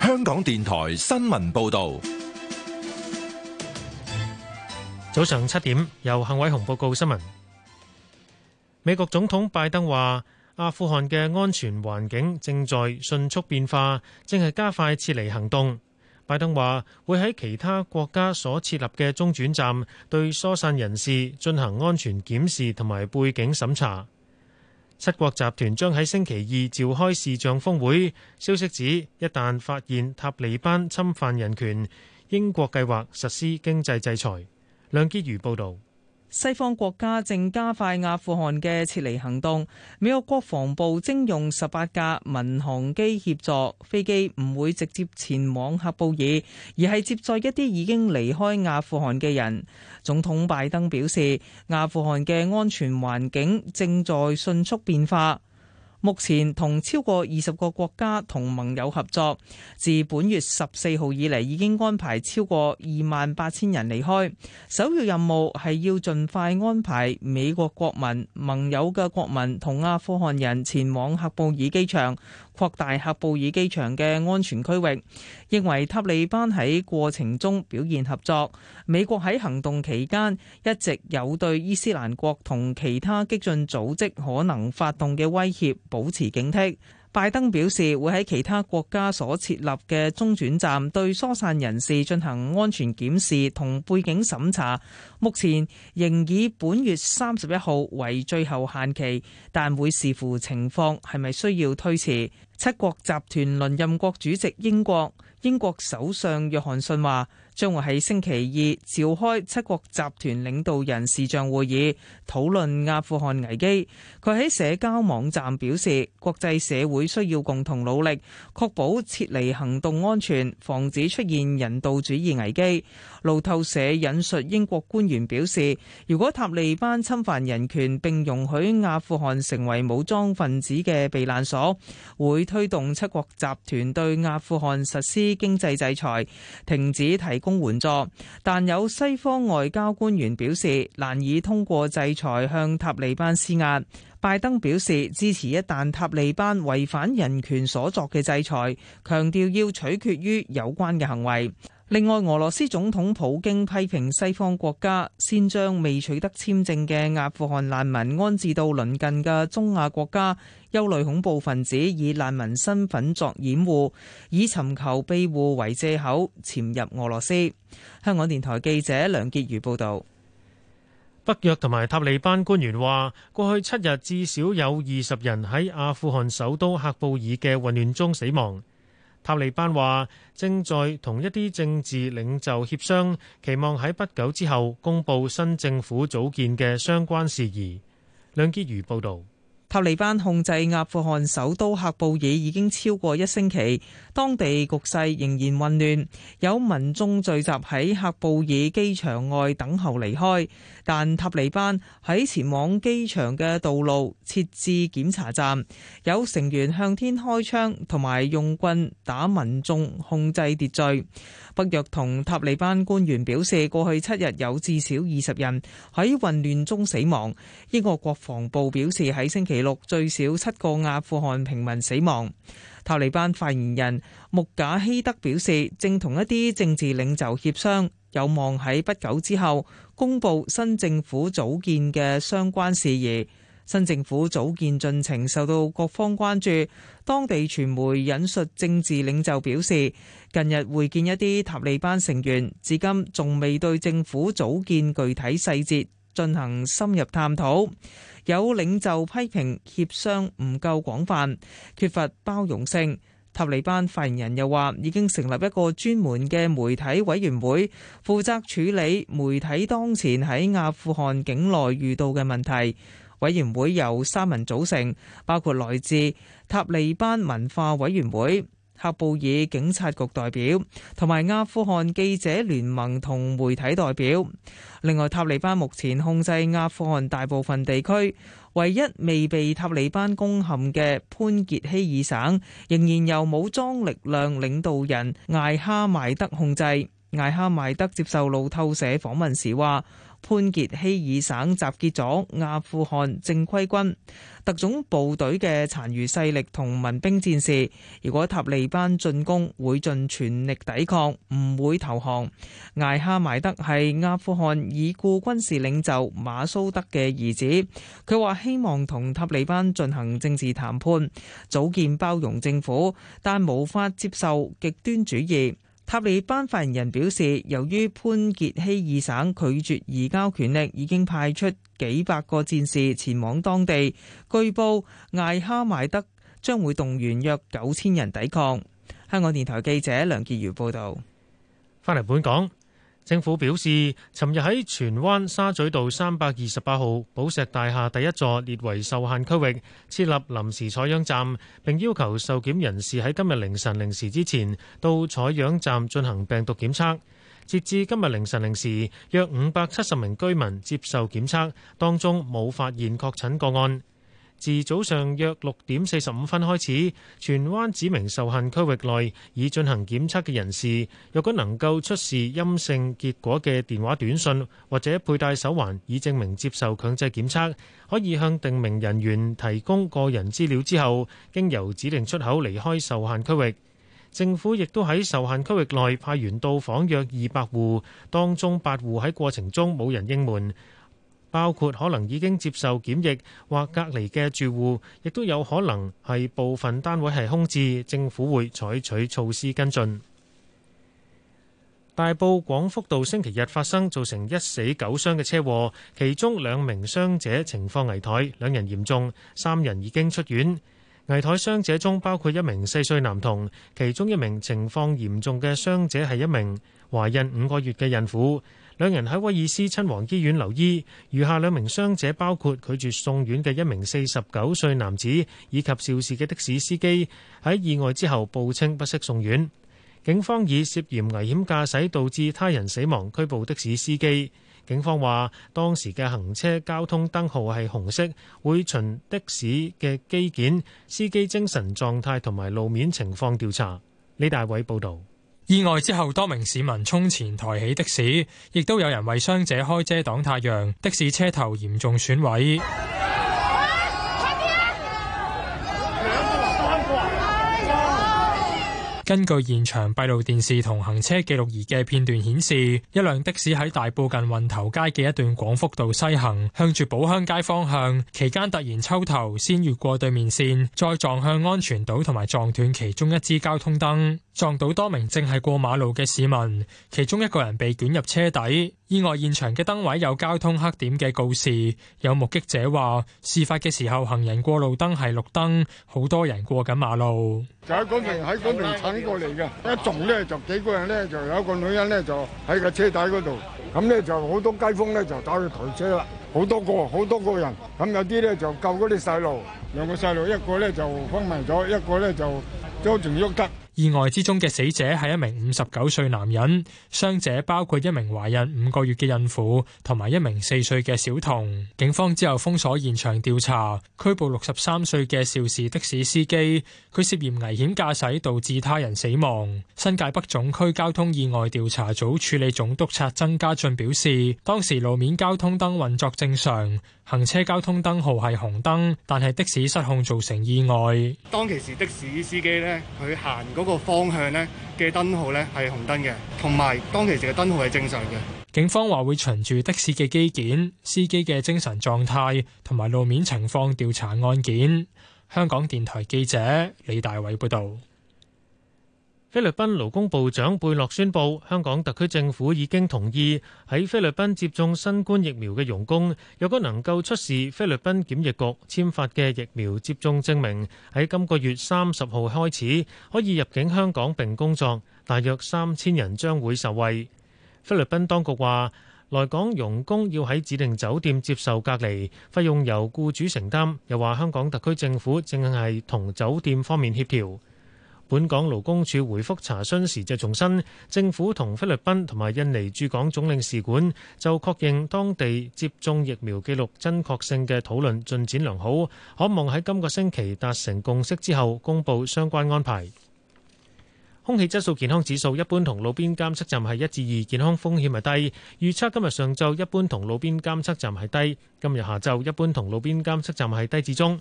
香港電台新聞報道，早上七點由幸偉雄報告新聞。美國總統拜登話：阿富汗嘅安全環境正在迅速變化，正係加快撤離行動。拜登話會喺其他國家所設立嘅中轉站對疏散人士進行安全檢視同埋背景審查。七國集團將喺星期二召開視像峰會。消息指，一旦發現塔利班侵犯人權，英國計劃實施經濟制裁。梁潔如報導。西方國家正加快阿富汗嘅撤離行動，美國國防部徵用十八架民航機協助，飛機唔會直接前往喀布爾，而係接載一啲已經離開阿富汗嘅人。總統拜登表示，阿富汗嘅安全環境正在迅速變化。目前同超過二十個國家同盟友合作，自本月十四號以嚟已經安排超過二萬八千人離開。首要任務係要盡快安排美國國民、盟友嘅國民同阿富汗人前往喀布爾機場。擴大喀布爾機場嘅安全區域，認為塔利班喺過程中表現合作。美國喺行動期間一直有對伊斯蘭國同其他激進組織可能發動嘅威脅保持警惕。拜登表示，會喺其他國家所設立嘅中轉站對疏散人士進行安全檢視同背景審查。目前仍以本月三十一號為最後限期，但會視乎情況，係咪需要推遲。七國集團輪任國主席英國，英國首相約翰遜話。將會喺星期二召開七國集團領導人視像會議，討論阿富汗危機，佢喺社交網站表示，國際社會需要共同努力，確保撤離行動安全，防止出現人道主義危機。路透社引述英國官員表示，如果塔利班侵犯人權並容許阿富汗成為武裝分子嘅避難所，會推動七國集團對阿富汗實施經濟制裁，停止提供援助，但有西方外交官員表示難以通過制裁向塔利班施壓。拜登表示，支持一旦塔利班違反人權所作嘅制裁，強調要取決於有關嘅行為。另外，俄羅斯總統普京批評西方國家先將未取得簽證嘅阿富汗難民安置到鄰近嘅中亞國家。憂慮恐怖分子以難民身份作掩護，以尋求庇護為藉口潛入俄羅斯。香港電台記者梁潔如報導。北約同埋塔利班官員話，過去七日至少有二十人喺阿富汗首都喀布爾嘅混亂中死亡。塔利班話正在同一啲政治領袖協商，期望喺不久之後公佈新政府組建嘅相關事宜。梁潔如報導。塔利班控制阿富汗首都喀布爾已經超過一星期，當地局勢仍然混亂，有民眾聚集喺喀布爾機場外等候離開。但塔利班喺前往機場嘅道路設置檢查站，有成員向天開槍同埋用棍打民眾控制秩序。北約同塔利班官員表示，過去七日有至少二十人喺混亂中死亡。英國國防部表示，喺星期六最少七個阿富汗平民死亡。塔利班發言人穆賈希德表示，正同一啲政治領袖協商，有望喺不久之後公布新政府組建嘅相關事宜。新政府組建進程受到各方關注，當地傳媒引述政治領袖表示，近日會見一啲塔利班成員，至今仲未對政府組建具體細節進行深入探討。有領袖批評協商唔夠廣泛，缺乏包容性。塔利班發言人又話，已經成立一個專門嘅媒體委員會，負責處理媒體當前喺阿富汗境內遇到嘅問題。委員會由三人組成，包括來自塔利班文化委員會、喀布爾警察局代表，同埋阿富汗記者聯盟同媒體代表。另外，塔利班目前控制阿富汗大部分地區，唯一未被塔利班攻陷嘅潘傑希爾省，仍然由武裝力量領導人艾哈邁德控制。艾哈邁德接受路透社訪問時話：潘傑希爾省集結咗阿富汗正規軍特種部隊嘅殘餘勢力同民兵戰士。如果塔利班進攻，會盡全力抵抗，唔會投降。艾哈邁德係阿富汗已故軍事領袖馬蘇德嘅兒子，佢話希望同塔利班進行政治談判，組建包容政府，但無法接受極端主義。塔利班發言人表示，由於潘傑希爾省拒絕移交權力，已經派出幾百個戰士前往當地。據報，艾哈邁德將會動員約九千人抵抗。香港電台記者梁潔如報道。翻嚟本港。政府表示，尋日喺荃灣沙咀道三百二十八號寶石大廈第一座列為受限區域，設立臨時採樣站，並要求受檢人士喺今日凌晨零時之前到採樣站進行病毒檢測，截至今日凌晨零時，約五百七十名居民接受檢測，當中冇發現確診個案。自早上約六點四十五分開始，荃灣指明受限區域內已進行檢測嘅人士，若果能夠出示陰性結果嘅電話短訊，或者佩戴手環以證明接受強制檢測，可以向定名人員提供個人資料之後，經由指定出口離開受限區域。政府亦都喺受限區域內派員到訪約二百戶，當中八戶喺過程中冇人應門。包括可能已經接受檢疫或隔離嘅住戶，亦都有可能係部分單位係空置，政府會採取措施跟進。大埔廣福道星期日發生造成一死九傷嘅車禍，其中兩名傷者情況危殆，兩人嚴重，三人已經出院。危殆傷者中包括一名四歲男童，其中一名情況嚴重嘅傷者係一名懷孕五個月嘅孕婦。兩人喺威爾斯親王醫院留醫，餘下兩名傷者包括拒絕送院嘅一名四十九歲男子，以及肇事嘅的士司機。喺意外之後報稱不適送院。警方以涉嫌危險駕駛導致他人死亡拘捕的士司機。警方話當時嘅行車交通燈號係紅色，會循的士嘅機件、司機精神狀態同埋路面情況調查。李大偉報道。意外之後，多名市民衝前抬起的士，亦都有人為傷者開遮擋太陽。的士車頭嚴重損毀。根據現場閉路電視同行車記錄儀嘅片段顯示，一輛的士喺大埔近運頭街嘅一段廣福道西行，向住寶鄉街方向，期間突然抽頭，先越過對面線，再撞向安全島，同埋撞斷其中一支交通燈。撞到多名正係過馬路嘅市民，其中一個人被捲入車底。意外現場嘅燈位有交通黑點嘅告示。有目擊者話，事發嘅時候行人過路燈係綠燈，好多人過緊馬路。 就喺嗰邊喺嗰邊鏟過嚟嘅，一撞呢，就幾個人呢，就有一個女人呢，就喺個車底嗰度，咁呢，就好多街坊呢，就走去抬車啦，好多個好多個人，咁有啲呢，就救嗰啲細路，兩個細路一個呢，就昏迷咗，一個呢，就都仲喐得。意外之中嘅死者係一名五十九歲男人，傷者包括一名懷孕五個月嘅孕婦同埋一名四歲嘅小童。警方之後封鎖現場調查，拘捕六十三歲嘅肇事的士司機，佢涉嫌危險駕駛導致他人死亡。新界北總區交通意外調查組處理總督察曾家俊表示，當時路面交通燈運作正常。行車交通燈號係紅燈，但係的士失控造成意外。當其時的士司機呢，佢行嗰個方向呢嘅燈號呢係紅燈嘅，同埋當其時嘅燈號係正常嘅。警方話會循住的士嘅機件、司機嘅精神狀態同埋路面情況調查案件。香港電台記者李大偉報道。菲律賓勞工部長貝洛宣布，香港特區政府已經同意喺菲律賓接種新冠疫苗嘅傭工，若果能夠出示菲律賓檢疫局簽發嘅疫苗接種證明，喺今個月三十號開始可以入境香港並工作。大約三千人將會受惠。菲律賓當局話，來港傭工要喺指定酒店接受隔離，費用由僱主承擔。又話香港特區政府正係同酒店方面協調。本港勞工處回覆查詢時就重申，政府同菲律賓同埋印尼駐港總領事館就確認當地接種疫苗記錄真確性嘅討論進展良好，可望喺今個星期達成共識之後公布相關安排。空氣質素健康指數一般同路邊監測站係一至二，健康風險係低。預測今日上晝一般同路邊監測站係低，今日下晝一般同路邊監測站係低至中。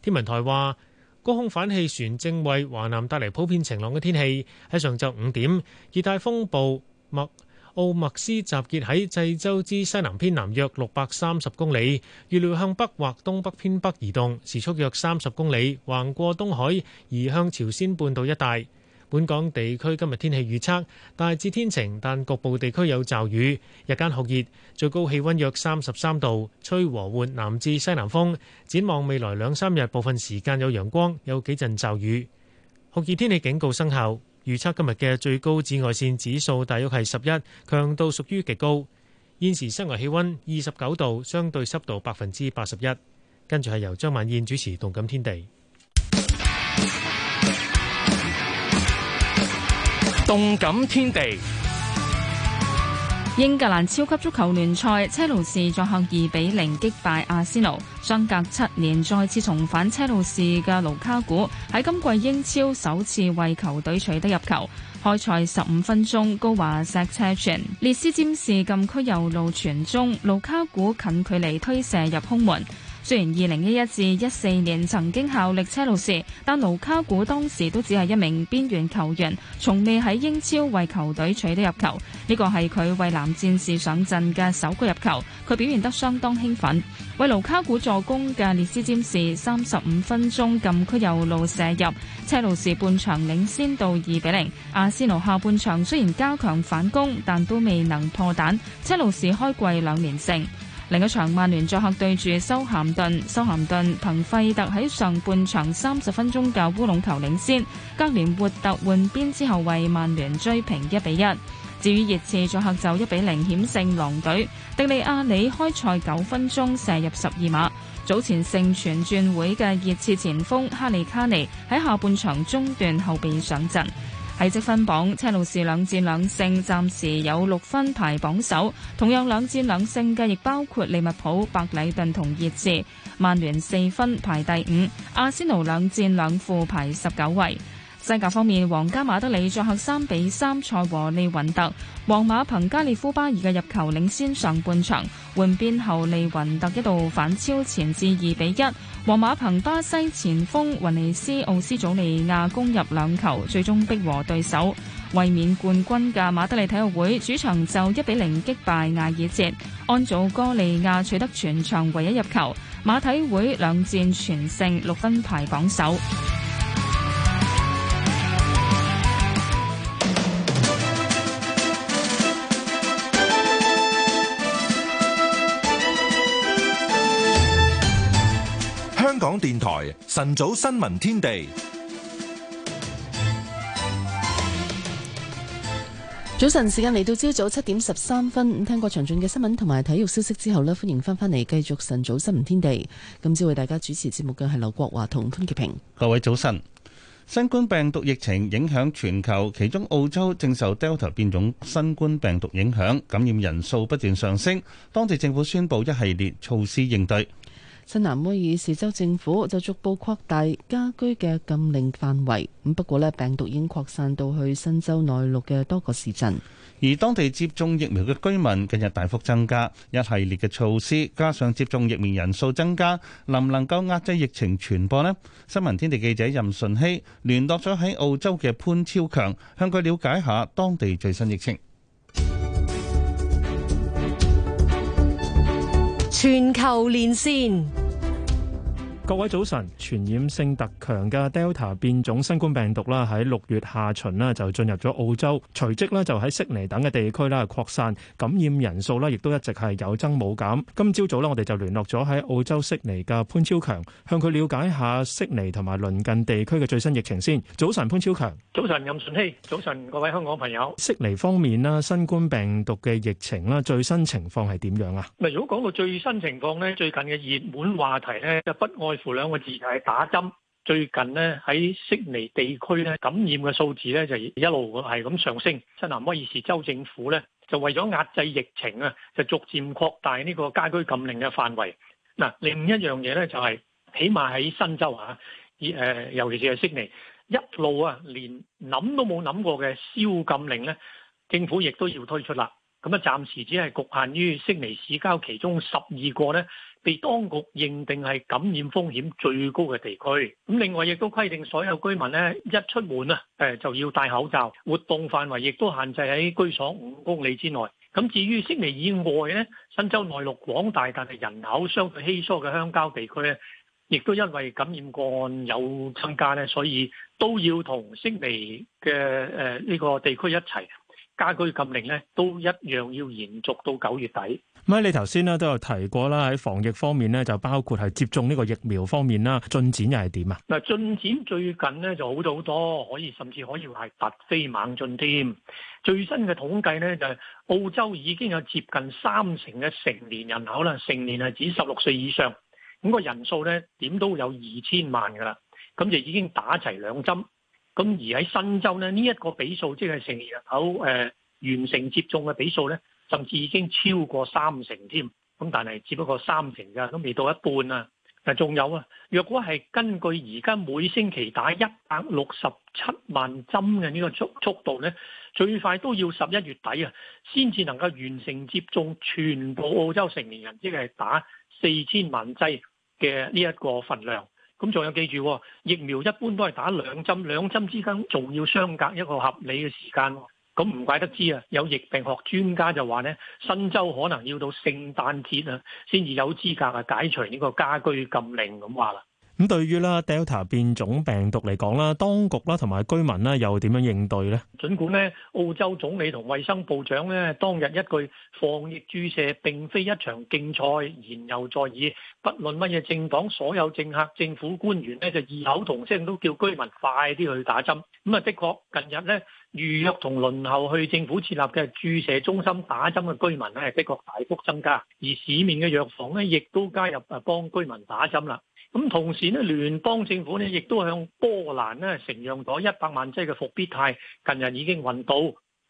天文台話。高空反氣旋正為華南帶嚟普遍晴朗嘅天氣。喺上晝五點，熱帶風暴麥奧麥斯集結喺濟州之西南偏南約六百三十公里，預料向北或東北偏北移動，時速約三十公里，橫過東海移向朝鮮半島一帶。本港地區今日天氣預測，大致天晴，但局部地區有驟雨。日間酷熱，最高氣温約三十三度，吹和緩南至西南風。展望未來兩三日，部分時間有陽光，有幾陣驟雨。酷熱天氣警告生效，預測今日嘅最高紫外線指數大約係十一，強度屬於極高。現時室外氣温二十九度，相對濕度百分之八十一。跟住係由張曼燕主持《動感天地》。動感天地，英格蘭超級足球聯賽，車路士作客二比零擊敗阿仙奴。相隔七年再次重返車路士嘅盧卡古喺今季英超首次為球隊取得入球。開賽十五分鐘，高華錫車傳，列斯占士禁區右路傳中，盧卡古近距離推射入空門。雖然二零一一至一四年曾經效力車路士，但盧卡古當時都只係一名邊緣球員，從未喺英超為球隊取得入球。呢個係佢為藍戰士上陣嘅首個入球，佢表現得相當興奮。為盧卡古助攻嘅列斯詹士三十五分鐘禁區右路射入，車路士半場領先到二比零。阿仙奴下半場雖然加強反攻，但都未能破蛋。車路士開季兩連勝。另一場曼聯作客對住修咸頓，修咸頓憑費特喺上半場三十分鐘嘅烏龍球領先，格連活特換邊之後為曼聯追平一比一。至於熱刺作客就一比零險勝狼隊，迪利亞里開賽九分鐘射入十二碼。早前盛傳轉會嘅熱刺前鋒哈利卡尼喺下半場中段後備上陣。喺積分榜，車路士兩戰兩勝，暫時有六分排榜首。同樣兩戰兩勝嘅，亦包括利物浦、白禮頓同熱刺。曼聯四分排第五，阿仙奴兩戰兩負排十九位。西甲方面，皇家馬德里作客三比三賽和利雲特，皇馬憑加列夫巴爾嘅入球領先上半場，換邊後利雲特一度反超前至二比一，皇馬憑巴西前鋒雲尼斯奧斯祖利亞攻入兩球，最終逼和對手。衛冕冠軍嘅馬德里體育會主場就一比零擊敗艾爾捷，安祖哥利亞取得全場唯一入球，馬體會兩戰全勝，六分排榜首。電台晨早新聞天地，早晨時間嚟到朝早七點十三分，咁聽過詳盡嘅新聞同埋體育消息之後咧，歡迎翻翻嚟繼續晨早新聞天地。今朝為大家主持節目嘅係劉國華同潘潔平。各位早晨，新冠病毒疫情影響全球，其中澳洲正受 Delta 變種新冠病毒影響，感染人數不斷上升，當地政府宣布一系列措施應對。新南威爾士州政府就逐步擴大家居嘅禁令範圍，咁不過咧，病毒已經擴散到去新州內陸嘅多個市鎮，而當地接種疫苗嘅居民近日大幅增加，一系列嘅措施加上接種疫苗人數增加，能唔能夠壓制疫情傳播呢？新聞天地記者任順熙聯絡咗喺澳洲嘅潘超強，向佢了解下當地最新疫情。全球連線。各位早晨，傳染性特強嘅 Delta 變種新冠病毒啦，喺六月下旬啦就進入咗澳洲，隨即咧就喺悉尼等嘅地區咧擴散，感染人數咧亦都一直係有增冇減。今朝早咧我哋就聯絡咗喺澳洲悉尼嘅潘超強，向佢了解下悉尼同埋鄰近地區嘅最新疫情先。早晨潘超強，早晨任順熙，早晨各位香港朋友。悉尼方面啦，新冠病毒嘅疫情啦，最新情況係點樣啊？嗱，如果講到最新情況咧，最近嘅熱門話題咧，就不外乎兩個字就係打針。最近呢，喺悉尼地區咧感染嘅數字咧就一路係咁上升。新南威爾士州政府咧就為咗壓制疫情啊，就逐漸擴大呢個家居禁令嘅範圍。嗱、啊，另一樣嘢咧就係、是、起碼喺新州啊，誒尤其是係悉尼一路啊，連諗都冇諗過嘅宵禁令咧，政府亦都要推出啦。咁啊，暫時只係局限於悉尼市郊其中十二個咧。被當局認定係感染風險最高嘅地區，咁另外亦都規定所有居民咧一出門啊，誒就要戴口罩，活動範圍亦都限制喺居所五公里之內。咁至於悉尼以外咧，新州內陸廣大但係人口相對稀疏嘅鄉郊地區咧，亦都因為感染個案有增加咧，所以都要同悉尼嘅誒呢個地區一齊。家居禁令咧，都一樣要延續到九月底。咁你頭先咧都有提過啦，喺防疫方面咧，就包括係接種呢個疫苗方面啦，進展又係點啊？嗱，進展最近咧就好咗好多，可以甚至可以係突飛猛進添。最新嘅統計咧，就係澳洲已經有接近三成嘅成年人口啦，成年係指十六歲以上，咁個人數咧點都有二千萬噶啦，咁就已經打齊兩針。咁而喺新州咧，呢、這、一個比數即係成年人口誒、呃、完成接種嘅比數咧，甚至已經超過三成添。咁但係只不過三成㗎，都未到一半啊。嗱，仲有啊，若果係根據而家每星期打一百六十七萬針嘅呢個速速度咧，最快都要十一月底啊，先至能夠完成接種全部澳洲成年人，即係打四千萬劑嘅呢一個份量。咁仲有記住，疫苗一般都係打兩針，兩針之間仲要相隔一個合理嘅時間。咁唔怪得知啊，有疫病學專家就話咧，新州可能要到聖誕節啊，先至有資格啊解除呢個家居禁令咁話啦。咁對於啦 Delta 變種病毒嚟講啦，當局啦同埋居民咧又點樣應對咧？儘管咧澳洲總理同衛生部長咧當日一句防疫注射並非一場競賽，言猶在耳。不論乜嘢政黨，所有政客、政府官員咧就異口同聲都叫居民快啲去打針。咁啊，的確近日咧預約同輪候去政府設立嘅注射中心打針嘅居民咧，的確大幅增加。而市面嘅藥房咧亦都加入啊幫居民打針啦。咁同時咧，聯邦政府咧亦都向波蘭咧承讓咗一百萬劑嘅復必泰，近日已經運到。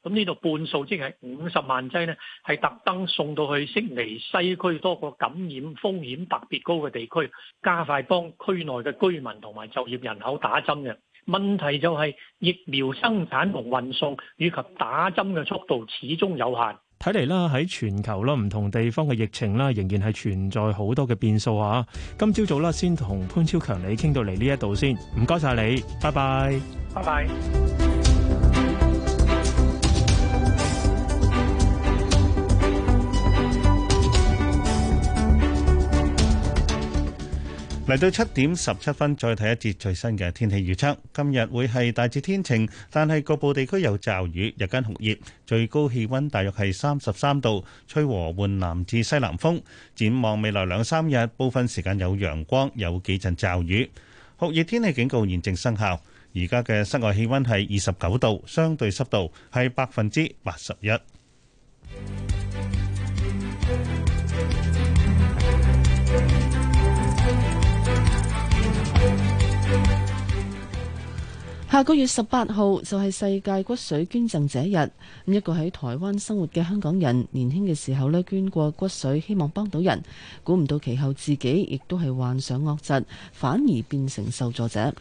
咁呢度半數即係五十萬劑呢，係特登送到去悉尼西區多個感染風險特別高嘅地區，加快幫區內嘅居民同埋就業人口打針嘅。問題就係疫苗生產同運送以及打針嘅速度始終有限。睇嚟啦，喺全球啦，唔同地方嘅疫情啦，仍然係存在好多嘅變數啊！今朝早啦，先同潘超強你傾到嚟呢一度先，唔該晒你，拜拜，拜拜。嚟到七點十七分，再睇一節最新嘅天氣預測。今日會係大致天晴，但係各部地區有驟雨，日間酷熱，最高氣溫大約係三十三度，吹和緩南至西南風。展望未來兩三日，部分時間有陽光，有幾陣驟雨，酷熱天氣警告現正生效。而家嘅室外氣溫係二十九度，相對濕度係百分之八十一。下個月十八號就係世界骨髓捐贈者日。一個喺台灣生活嘅香港人，年輕嘅時候呢，捐過骨髓，希望幫到人。估唔到其後自己亦都係患上惡疾，反而變成受助者。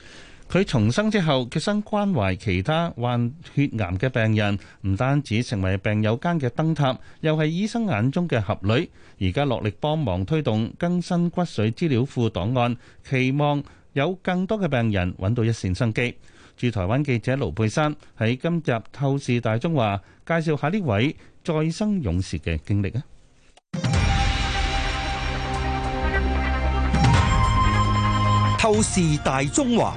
佢重生之後，決心關懷其他患血癌嘅病人，唔單止成為病友間嘅燈塔，又係醫生眼中嘅俠女。而家落力幫忙推動更新骨髓資料庫檔案，期望有更多嘅病人揾到一線生機。駐台灣記者盧佩山喺今集透視大中華介紹下呢位再生勇士嘅經歷啊！透視大中華。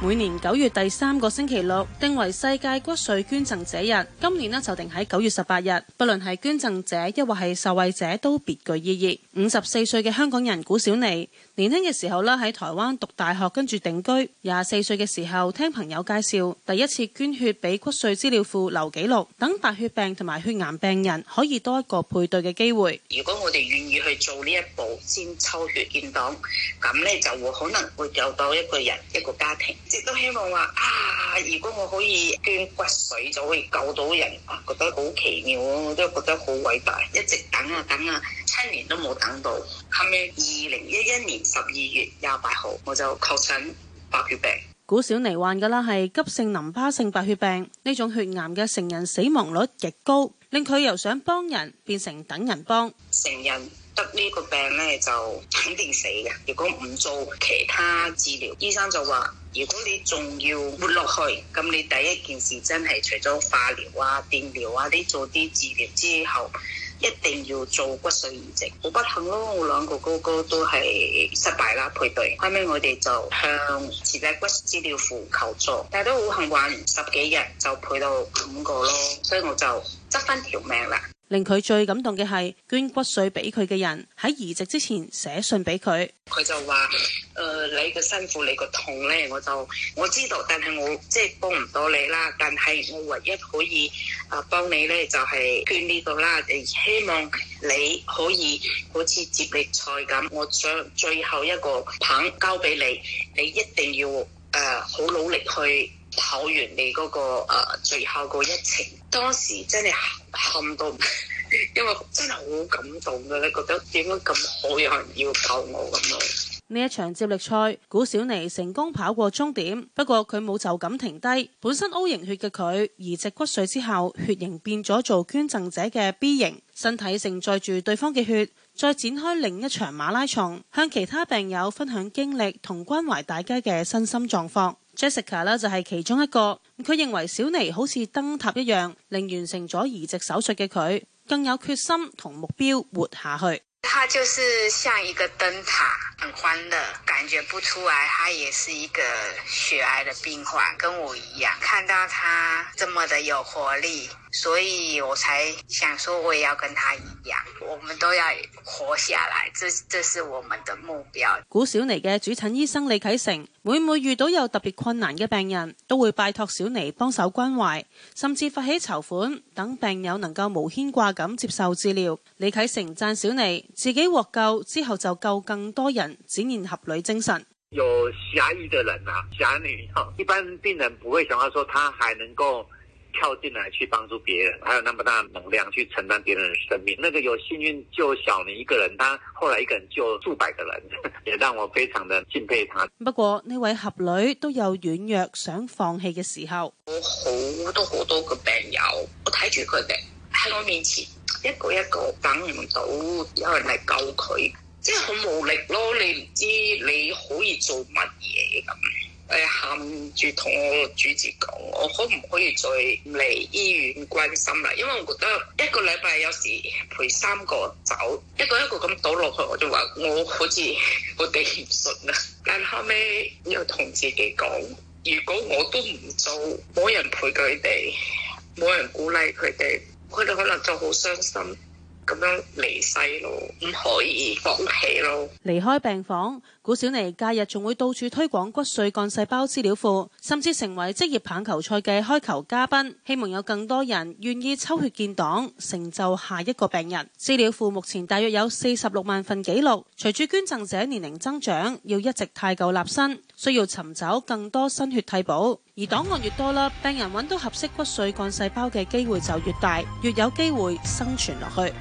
每年九月第三個星期六定為世界骨髓捐贈者日，今年呢就定喺九月十八日。不論係捐贈者，抑或係受惠者，都別具意義。五十四歲嘅香港人古小妮，年輕嘅時候啦喺台灣讀大學，跟住定居。廿四歲嘅時候聽朋友介紹，第一次捐血俾骨髓資料庫留記錄，等白血病同埋血癌病人可以多一個配對嘅機會。如果我哋願意去做呢一步，先抽血建檔，咁呢就會可能會有到一個人一個家庭。一直都希望話啊，如果我可以捐骨髓就可以救到人啊，覺得好奇妙啊。我都覺得好偉大。一直等啊等啊，七年都冇等到，後尾二零一一年十二月廿八號，我就確診白血病。古小妮患嘅啦，係急性淋巴性白血病，呢種血癌嘅成人死亡率極高，令佢由想幫人變成等人幫成人。得呢個病咧就肯定死嘅，如果唔做其他治療，醫生就話：如果你仲要活落去，咁你第一件事真係除咗化療啊、電療啊啲做啲治療之後，一定要做骨髓移植。好不幸咯，我兩個哥哥都係失敗啦配對，後尾我哋就向慈濟骨資料庫求助，但係都好幸運，十幾日就配到五個咯，所以我就執翻條命啦。令佢最感動嘅係捐骨髓俾佢嘅人喺移植之前寫信俾佢，佢就話：誒、呃，你嘅辛苦、你嘅痛咧，我就我知道，但係我即係、就是、幫唔到你啦。但係我唯一可以啊、呃、幫你咧，就係、是、捐呢度啦。希望你可以好似接力賽咁，我想最後一個棒交俾你，你一定要誒好、呃、努力去跑完你嗰、那個、呃、最後嗰一程。當時真係喊到，因為真係好感動嘅咧，你覺得點解咁好有人要救我咁咯？呢一場接力賽，古小妮成功跑過終點，不過佢冇就咁停低。本身 O 型血嘅佢移植骨髓之後，血型變咗做捐贈者嘅 B 型，身體承載住對方嘅血。再展開另一場馬拉松，向其他病友分享經歷同關懷大家嘅身心狀況。Jessica 呢，就係其中一個，佢認為小尼好似燈塔一樣，令完成咗移植手術嘅佢更有決心同目標活下去。他就是像一個燈塔，很歡樂，感覺不出來。他也是一個血癌的病患，跟我一樣，看到他這麼的有活力。所以我才想說，我也要跟他一樣，我們都要活下來，這這是我們的目標。古小妮嘅主診醫生李啟成，每每遇到有特別困難嘅病人，都會拜託小妮幫手關懷，甚至發起籌款，等病友能夠無牽掛咁接受治療。李啟成讚小妮自己獲救之後就救更多人，展現俠女精神。有俠義嘅人啊，俠女，一般病人不會想到說，他還能夠。跳進來去幫助別人，還有那麼大能量去承擔別人的生命。那個有幸運救小年一個人，但後來一個人救數百個人，也讓我非常的敬佩他。 不過呢位俠女都有軟弱想放棄嘅時候，我好多好多個病友，我睇住佢哋喺我面前一個一個等唔到有人嚟救佢，即係好無力咯。你唔知你可以做乜嘢咁。誒喊住同我主治講，我可唔可以再嚟醫院關心啦？因為我覺得一個禮拜有時陪三個走，一個一個咁倒落去，我就話我好似我頂唔順啦。但後尾又同自己講，如果我都唔做，冇人陪佢哋，冇人鼓勵佢哋，佢哋可能就好傷心。咁樣離世咯，唔可以放棄咯。離開病房，古小妮假日仲會到處推廣骨髓幹細胞資料庫，甚至成為職業棒球賽嘅開球嘉賓，希望有更多人願意抽血建檔，成就下一個病人資料庫。目前大約有四十六萬份記錄，隨住捐贈者年齡增長，要一直汰舊立新。需要尋找更多新血替補，而檔案越多啦，病人揾到合適骨髓幹細胞嘅機會就越大，越有機會生存落去。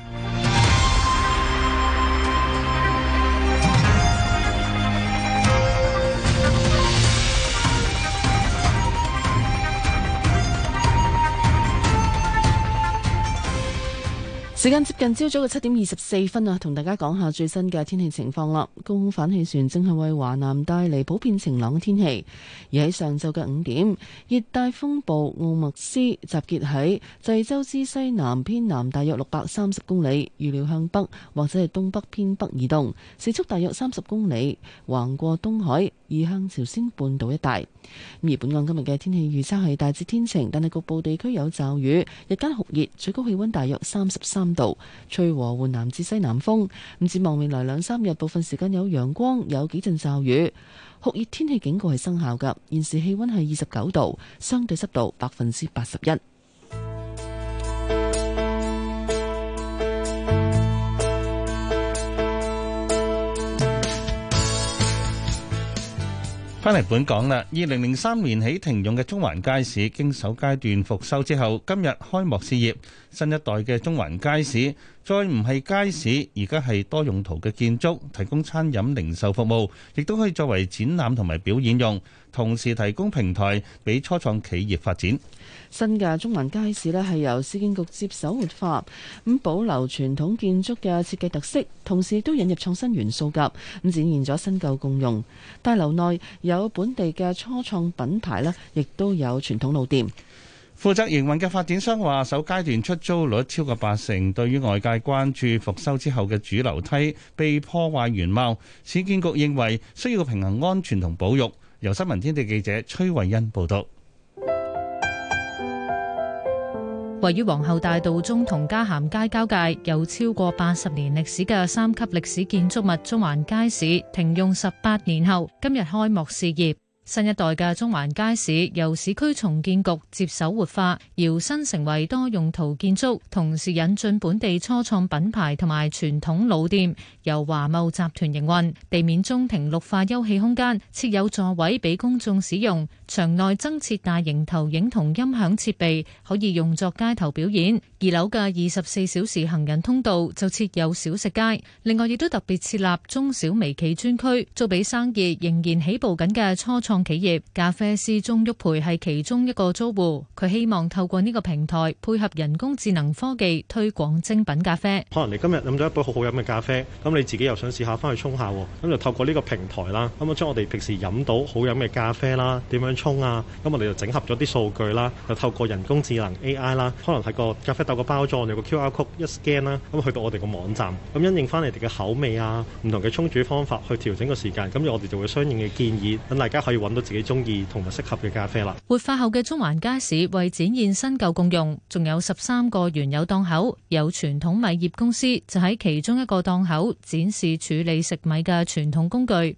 時間接近朝早嘅七點二十四分啊，同大家講下最新嘅天氣情況啦。高空反氣旋正係為華南帶嚟普遍晴朗嘅天氣。而喺上晝嘅五點，熱帶風暴奧麥斯集結喺濟州之西南偏南大約六百三十公里，預料向北或者係東北偏北移動，時速大約三十公里，橫過東海，移向朝鮮半島一帶。而本港今日嘅天氣預測係大致天晴，但係局部地區有驟雨，日間酷熱，最高氣温大約三十三。度吹和緩南至西南風，展望未來兩三日部分時間有陽光，有幾陣驟雨，酷熱天氣警告係生效㗎。現時氣溫係二十九度，相對濕度百分之八十一。翻嚟本港啦，二零零三年起停用嘅中環街市，經首階段復修之後，今日開幕試業。新一代嘅中環街市，再唔係街市，而家係多用途嘅建築，提供餐飲零售服務，亦都可以作為展覽同埋表演用，同時提供平台俾初創企業發展。新嘅中環街市呢，係由市建局接手活化，咁保留傳統建築嘅設計特色，同時都引入創新元素㗎，咁展現咗新舊共用。大樓內有本地嘅初創品牌呢，亦都有傳統老店。負責營運嘅發展商話：首階段出租率超過八成。對於外界關注復修之後嘅主樓梯被破壞原貌，市建局認為需要平衡安全同保育。由新聞天地記者崔慧欣報道。位於皇后大道中同嘉咸街交界，有超過八十年歷史嘅三級歷史建築物中環街市，停用十八年後，今日開幕試業。新一代嘅中環街市由市區重建局接手活化，搖身成為多用途建築，同時引進本地初創品牌同埋傳統老店，由華懋集團營運。地面中庭綠化休憩空間設有座位俾公眾使用，場內增設大型投影同音響設備，可以用作街頭表演。二樓嘅二十四小時行人通道就設有小食街，另外亦都特別設立中小微企專區，租俾生意仍然起步緊嘅初創。企業咖啡師鐘旭培係其中一個租戶，佢希望透過呢個平台配合人工智能科技推廣精品咖啡。可能你今日飲咗一杯好好飲嘅咖啡，咁你自己又想試下翻去沖下，咁就透過呢個平台啦，咁啊將我哋平時飲到好飲嘅咖啡啦，點樣沖啊，咁我哋就整合咗啲數據啦，又透過人工智能 AI 啦，可能係個咖啡豆包裝個包裝有個 QR code 一 scan 啦，咁去到我哋個網站，咁因應翻你哋嘅口味啊，唔同嘅沖煮方法去調整個時間，咁我哋就會相應嘅建議，等大家可以揾到自己中意同埋適合嘅咖啡啦！活化後嘅中環街市為展現新舊共用，仲有十三個原有檔口，有傳統米業公司就喺其中一個檔口展示處理食米嘅傳統工具。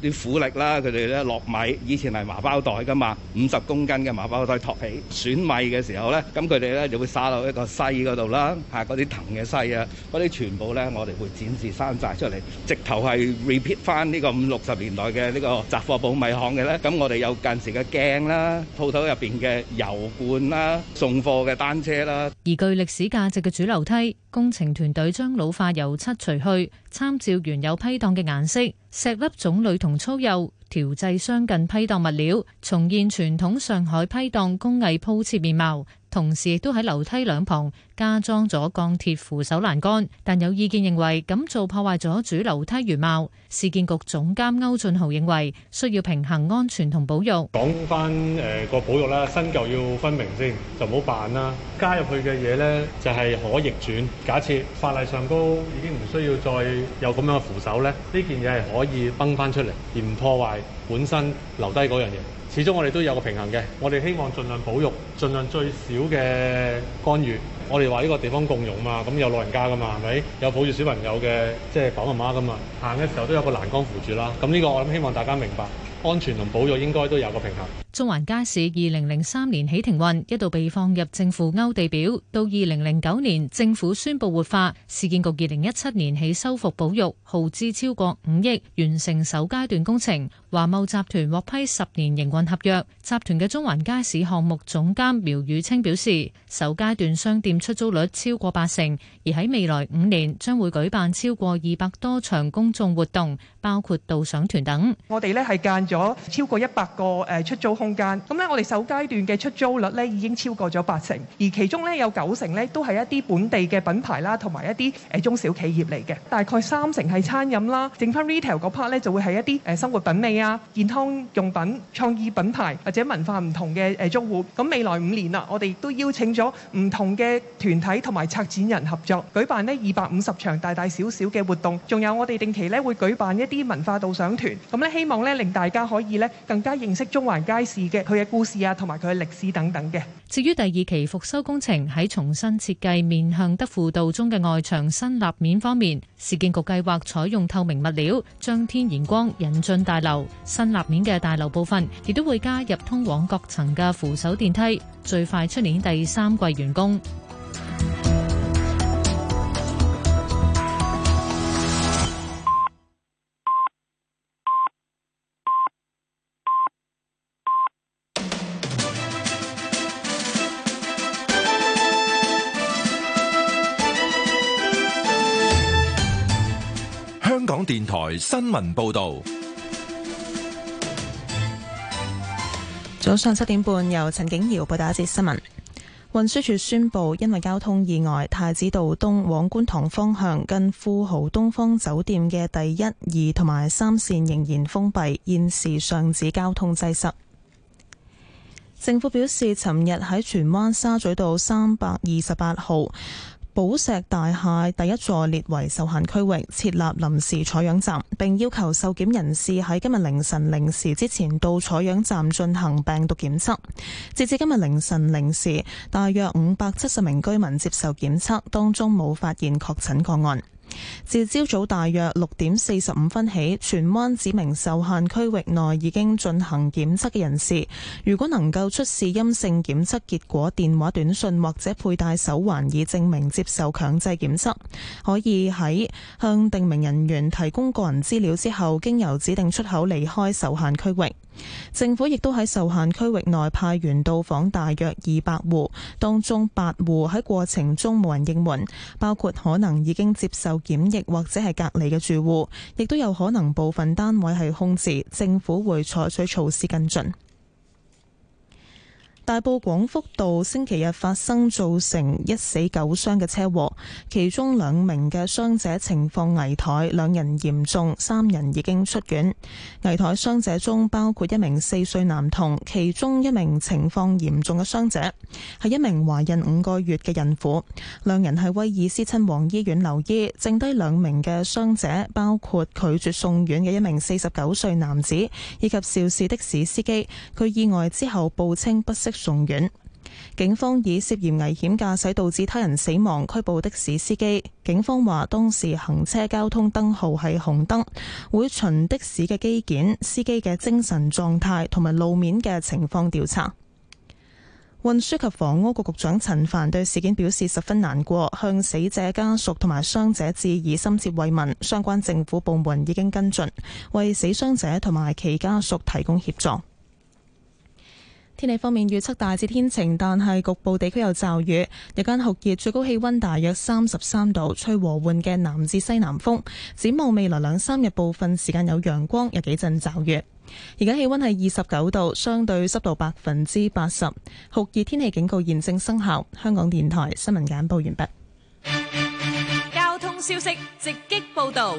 啲苦力啦，佢哋咧落米，以前係麻包袋噶嘛，五十公斤嘅麻包袋托起選米嘅時候咧，咁佢哋咧就會撒到一個篩嗰度啦，嚇嗰啲藤嘅篩啊，嗰啲全部咧我哋會展示晒出嚟，直頭係 repeat 翻呢個五六十年代嘅呢個雜貨鋪米行嘅咧。咁我哋有近時嘅鏡啦，鋪頭入邊嘅油罐啦，送貨嘅單車啦。而具歷史價值嘅主樓梯工程團隊將老化油漆除去，參照原有批檔嘅顏色。石粒種類同粗幼調製相近批檔物料，重現傳統上海批檔工藝鋪設面貌。同時都喺樓梯兩旁加裝咗鋼鐵扶手欄杆，但有意見認為咁做破壞咗主樓梯原貌。市建局總監歐俊豪認為需要平衡安全同保育。講翻誒個保育啦，新舊要分明先，就唔好辦啦。加入去嘅嘢咧，就係可逆轉。假設法例上高已經唔需要再有咁樣嘅扶手咧，呢件嘢係可以掹翻出嚟，而唔破壞本身留低嗰樣嘢。始終我哋都有個平衡嘅，我哋希望盡量保育，盡量最少嘅干預。我哋話呢個地方共融嘛，咁有老人家㗎嘛，係咪？有抱住小朋友嘅，即係寶媽媽㗎嘛。行嘅時候都有個欄杆扶住啦。咁呢個我諗希望大家明白。安全同保育應該都有個平衡。中環街市二零零三年起停運，一度被放入政府勾地表，到二零零九年政府宣布活化。市建局二零一七年起修復保育，耗資超過五億，完成首階段工程。華懋集團獲批十年營運合約。集團嘅中環街市項目總監苗宇清表示，首階段商店出租率超過八成，而喺未來五年將會舉辦超過二百多場公眾活動，包括導賞團等。我哋呢係間咗超過一百個誒出租空間，咁咧我哋首階段嘅出租率咧已經超過咗八成，而其中咧有九成咧都係一啲本地嘅品牌啦，同埋一啲誒中小企業嚟嘅，大概三成係餐飲啦，整翻 retail 嗰 part 咧就會係一啲誒生活品味啊、健康用品、創意品牌或者文化唔同嘅誒租戶。咁未來五年啦，我哋亦都邀請咗唔同嘅團體同埋策展人合作，舉辦咧二百五十場大大小小嘅活動，仲有我哋定期咧會舉辦一啲文化導賞團，咁咧希望咧令大家。更加可以咧，更加認識中環街市嘅佢嘅故事啊，同埋佢嘅歷史等等嘅。至於第二期復修工程喺重新設計面向德輔道中嘅外牆新立面方面，市建局計劃採用透明物料，將天然光引進大樓。新立面嘅大樓部分亦都會加入通往各層嘅扶手電梯，最快出年第三季完工。香港電台新聞報道，早上七點半，由陳景堯報第一節新聞。運輸處宣布，因為交通意外，太子道東往觀塘方向近富豪東方酒店嘅第一、二同埋三線仍然封閉，現時上址交通擠塞。政府表示，尋日喺荃灣沙咀道三百二十八號。寶石大廈第一座列為受限區域，設立臨時採樣站，並要求受檢人士喺今日凌晨零時之前到採樣站進行病毒檢測。截至今日凌晨零時，大約五百七十名居民接受檢測，當中冇發現確診個案。自朝早大約六點四十五分起，荃灣指明受限區域內已經進行檢測嘅人士，如果能夠出示陰性檢測結果、電話短訊或者佩戴手環以證明接受強制檢測，可以喺向定名人員提供個人資料之後，經由指定出口離開受限區域。政府亦都喺受限區域內派員到訪大約二百戶，當中八戶喺過程中冇人應門，包括可能已經接受檢疫或者係隔離嘅住戶，亦都有可能部分單位係空置。政府會採取措施跟進。大埔廣福道星期日發生造成一死九傷嘅車禍，其中兩名嘅傷者情況危殆，兩人嚴重，三人已經出院。危殆傷者中包括一名四歲男童，其中一名情況嚴重嘅傷者係一名懷孕五個月嘅孕婦，兩人喺威爾斯親王醫院留醫。剩低兩名嘅傷者包括拒絕送院嘅一名四十九歲男子以及肇事的士司機。佢意外之後報稱不適，送院，警方以涉嫌危險駕駛導致他人死亡拘捕的士司機。警方話當時行車交通燈號係紅燈，會循的士嘅機件、司機嘅精神狀態同埋路面嘅情況調查。運輸及房屋局局長陳帆對事件表示十分難過，向死者家屬同埋傷者致以深切慰問。相關政府部門已經跟進，為死傷者同埋其家屬提供協助。天氣方面預測大致天晴，但係局部地區有驟雨。日間酷熱，最高氣温大約三十三度，吹和緩嘅南至西南風。展望未來兩三日，部分時間有陽光，有幾陣驟雨。而家氣温係二十九度，相對濕度百分之八十，酷熱天氣警告現正生效。香港電台新聞簡報完畢。交通消息直擊報道。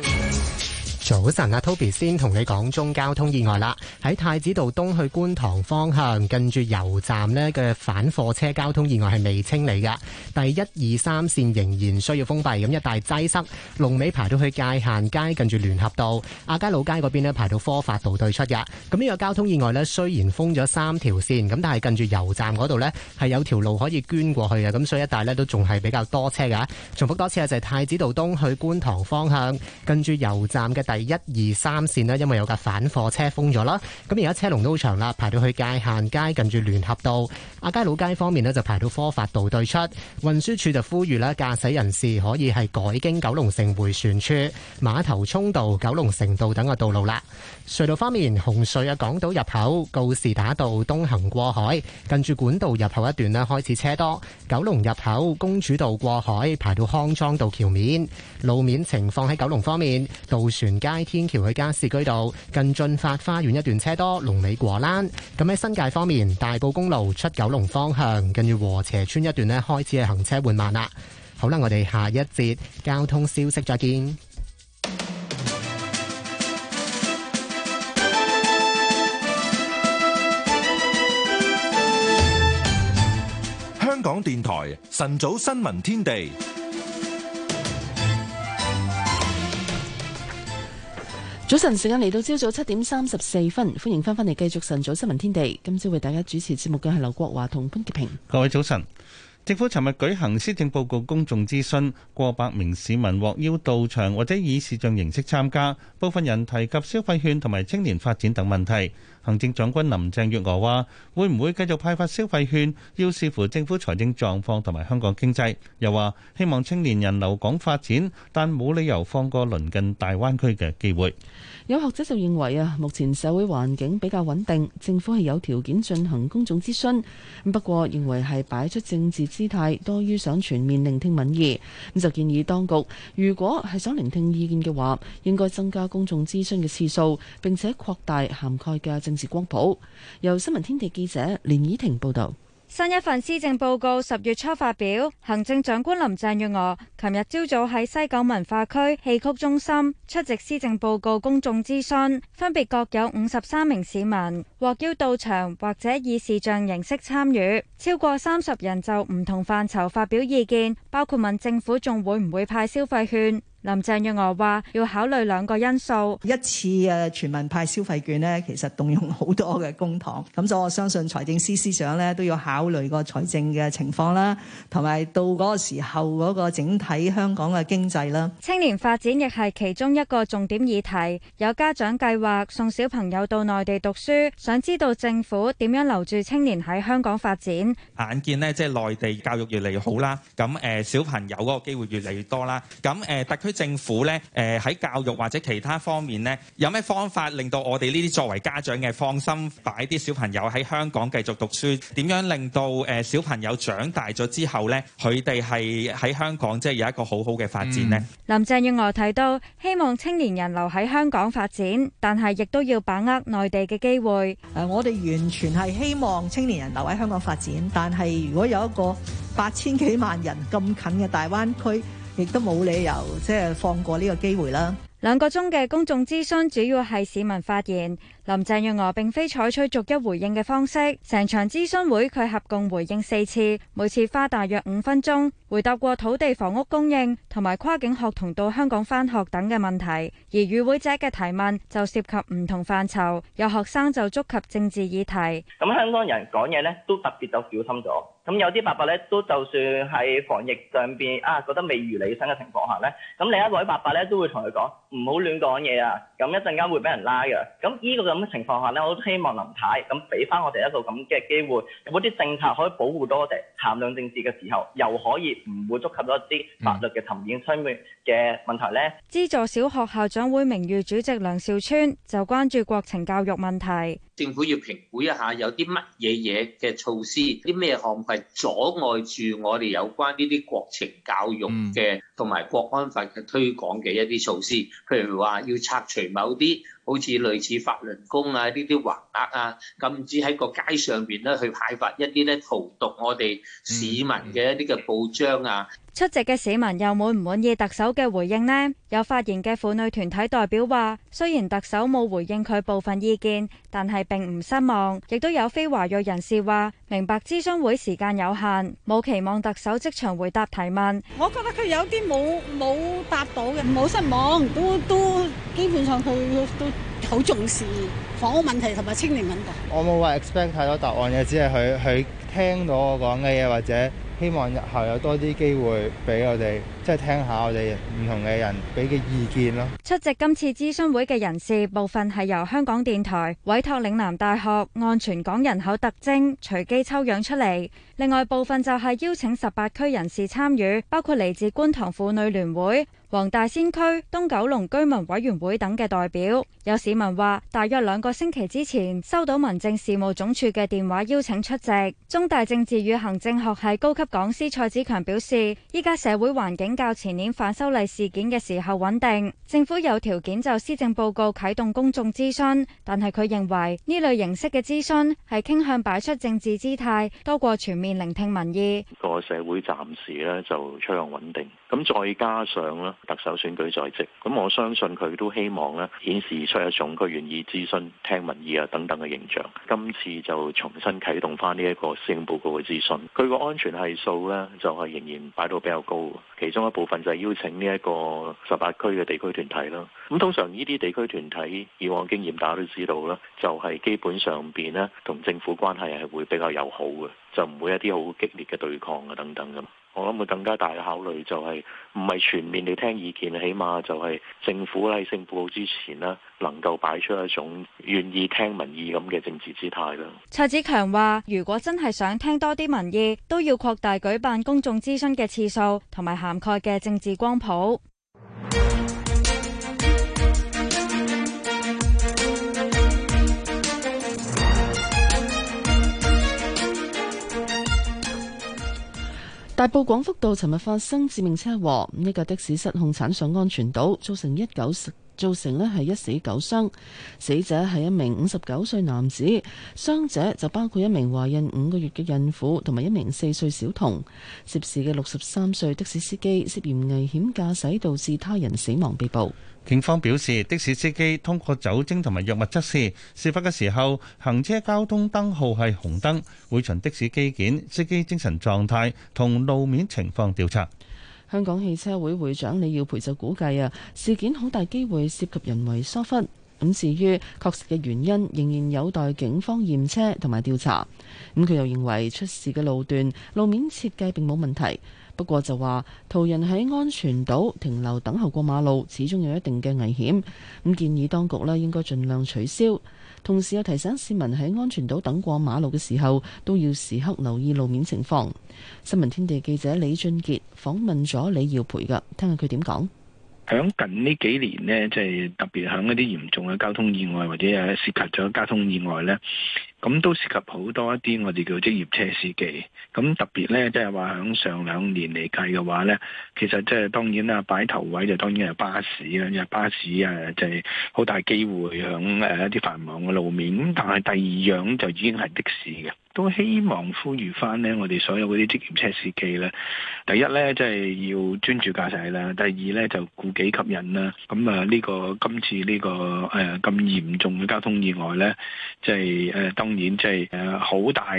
早晨啊，Toby 先同你講中交通意外啦。喺太子道東去觀塘方向，近住油站呢嘅反貨車交通意外係未清理噶第一二三線仍然需要封閉，咁一帶擠塞，龍尾排到去界限街，近住聯合道、亞皆老街嗰邊呢，排到科發道對出噶。咁呢個交通意外呢，雖然封咗三條線，咁但係近住油站嗰度呢，係有條路可以捐過去嘅，咁所以一帶呢，都仲係比較多車嘅。重複多次啊，就係太子道東去觀塘方向，近住油站嘅第。一二三線咧，因為有架反貨車封咗啦，咁而家車龍都好長啦，排到去界限街近住聯合道、亞皆老街方面呢就排到科發道對出。運輸署就呼籲咧，駕駛人士可以係改經九龍城迴旋處、馬頭涌道、九龍城道等嘅道路啦。隧道方面，紅隧啊，港島入口告士打道東行過海，近住管道入口一段咧開始車多；九龍入口公主道過海排到康莊道橋面，路面情況喺九龍方面，渡船街天橋去加士居道近駿發花園一段車多；龍尾果欄，咁喺新界方面，大埔公路出九龍方向近住禾輋邨一段咧開始係行車緩慢啦。好啦，我哋下一節交通消息再見。香港電台晨早新聞天地，早晨時間嚟到朝早七點三十四分，歡迎翻返嚟繼續晨早新聞天地。今朝為大家主持節目嘅係劉國華同潘潔平。各位早晨，政府尋日舉行施政報告公眾諮詢，過百名市民獲邀到場或者以視像形式參加，部分人提及消費券同埋青年發展等問題。行政長官林鄭月娥話：會唔會繼續派發消費券，要視乎政府財政狀況同埋香港經濟。又話希望青年人留港發展，但冇理由放過鄰近大灣區嘅機會。有學者就認為啊，目前社會環境比較穩定，政府係有條件進行公眾諮詢。不過認為係擺出政治姿態多於想全面聆聽民意。咁就建議當局，如果係想聆聽意見嘅話，應該增加公眾諮詢嘅次數，並且擴大涵蓋嘅政。是光譜，由新聞天地記者連以婷報道。新一份施政報告十月初發表，行政長官林鄭月娥琴日朝早喺西九文化區戲曲中心出席施政報告公眾諮詢，分別各有五十三名市民獲邀到場或者以視像形式參與，超過三十人就唔同範疇發表意見，包括問政府仲會唔會派消費券。林鄭月娥話：要考慮兩個因素，一次嘅全民派消費券呢，其實動用好多嘅公帑，咁所以我相信財政司司長呢，都要考慮個財政嘅情況啦，同埋到嗰個時候嗰個整體香港嘅經濟啦。青年發展亦係其中一個重點議題，有家長計劃送小朋友到內地讀書，想知道政府點樣留住青年喺香港發展？眼見呢，即係內地教育越嚟越好啦，咁誒小朋友嗰個機會越嚟越多啦，咁誒、呃、特區。政府咧，誒喺教育或者其他方面呢，有咩方法令到我哋呢啲作為家長嘅放心，擺啲小朋友喺香港繼續讀書？點樣令到誒小朋友長大咗之後呢，佢哋係喺香港即係有一個好好嘅發展呢？林鄭月娥提到，希望青年人留喺香港發展，但係亦都要把握內地嘅機會。誒，我哋完全係希望青年人留喺香港發展，但係如果有一個八千幾萬人咁近嘅大灣區。亦都冇理由即係放過呢個機會啦。兩個鐘嘅公眾諮詢，主要係市民發言。林鄭月娥並非採取逐一回應嘅方式，成場諮詢會佢合共回應四次，每次花大約五分鐘，回答過土地、房屋供應同埋跨境學童到香港返學等嘅問題。而與會者嘅提問就涉及唔同範疇，有學生就觸及政治議題。咁香港人講嘢呢都特別就小心咗。咁有啲伯伯咧，都就算喺防疫上邊啊，覺得未如理想嘅情況下呢，咁另一位伯伯咧都會同佢講唔好亂講嘢啊。咁一陣間會俾人拉嘅。咁呢個就。咁嘅情況下呢，我都希望林太咁俾翻我哋一個咁嘅機會，有冇啲政策可以保護到我哋談論政治嘅時候，又可以唔會觸及到一啲法律嘅層面催面嘅問題呢？嗯、資助小學校長會名譽主席梁兆川就關注國情教育問題。政府要評估一下有啲乜嘢嘢嘅措施，啲咩項目係阻礙住我哋有關呢啲國情教育嘅同埋國安法嘅推廣嘅一啲措施，譬如話要拆除某啲好似類似法輪功啊呢啲橫額啊，禁止喺個街上邊咧去派發一啲咧荼毒我哋市民嘅一啲嘅報章啊。出席嘅市民又滿唔滿意特首嘅回應呢？有發言嘅婦女團體代表話，雖然特首冇回應佢部分意見，但係並唔失望。亦都有非華裔人士話，明白諮詢會時間有限，冇期望特首即場回答提問。我覺得佢有啲冇冇答到嘅，冇失望。都都基本上佢都好重視房屋問題同埋青年問題。我冇話 expect 太多答案嘅，只係佢佢聽到我講嘅嘢或者。希望日後有多啲機會俾我哋，即係聽下我哋唔同嘅人俾嘅意見咯。出席今次諮詢會嘅人士，部分係由香港電台委託嶺南大學按全港人口特徵隨機抽樣出嚟，另外部分就係邀請十八區人士參與，包括嚟自觀塘婦女聯會。黃大仙區、東九龍居民委員會等嘅代表。有市民話，大約兩個星期之前收到民政事務總署嘅電話邀請出席。中大政治與行政學系高級講師蔡子強表示，依家社會環境較前年反修例事件嘅時候穩定，政府有條件就施政報告啟動公眾諮詢，但係佢認為呢類形式嘅諮詢係傾向擺出政治姿態，多過全面聆聽民意。個社會暫時呢就趨向穩定。咁再加上咧，特首選舉在即，咁我相信佢都希望咧，顯示出一種佢願意諮詢、聽民意啊等等嘅形象。今次就重新啟動翻呢一個施政報告嘅諮詢，佢個安全係數咧就係、是、仍然擺到比較高。其中一部分就係邀請呢一個十八區嘅地區團體啦。咁、嗯、通常呢啲地區團體以往經驗大家都知道啦，就係、是、基本上邊呢同政府關係係會比較友好嘅，就唔會一啲好激烈嘅對抗啊等等咁。我諗會更加大嘅考慮就係唔係全面地聽意見，起碼就係政府喺政府之前咧，能夠擺出一種願意聽民意咁嘅政治姿態啦。蔡子強話，如果真係想聽多啲民意，都要擴大舉辦公眾諮詢嘅次數，同埋涵蓋嘅政治光譜。大埔廣福道尋日發生致命車禍，一架的士失控鏟上安全島，造成一九十。造成嘅係一死九傷，死者係一名五十九歲男子，傷者就包括一名懷孕五個月嘅孕婦同埋一名四歲小童。涉事嘅六十三歲的士司機涉嫌危險駕駛導致他人死亡被捕。警方表示，的士司機通過酒精同埋藥物測試，事發嘅時候行車交通燈號係紅燈，會循的士機件、司機精神狀態同路面情況調查。香港汽車會會長李耀培就估計啊，事件好大機會涉及人為疏忽。咁至於確實嘅原因，仍然有待警方驗車同埋調查。咁佢又認為出事嘅路段路面設計並冇問題，不過就話途人喺安全島停留等候過馬路，始終有一定嘅危險。咁建議當局呢應該盡量取消。同時又提醒市民喺安全島等過馬路嘅時候，都要時刻留意路面情況。新聞天地記者李俊傑訪問咗李耀培㗎，聽下佢點講。響近呢幾年呢，即係特別響一啲嚴重嘅交通意外，或者係涉及咗交通意外呢。咁都涉及好多一啲我哋叫職業車司機，咁特別咧，即係話響上兩年嚟計嘅話咧，其實即係當然啦，擺頭位就當然係巴士啦，因為巴士啊就係好大機會響誒一啲繁忙嘅路面。但係第二樣就已經係的士嘅，都希望呼籲翻咧我哋所有嗰啲職業車司機咧，第一咧即係要專注駕駛啦，第二咧就顧己及人啦。咁啊呢個今次呢個誒咁嚴重嘅交通意外咧，即係誒。呃當然，即係誒，好大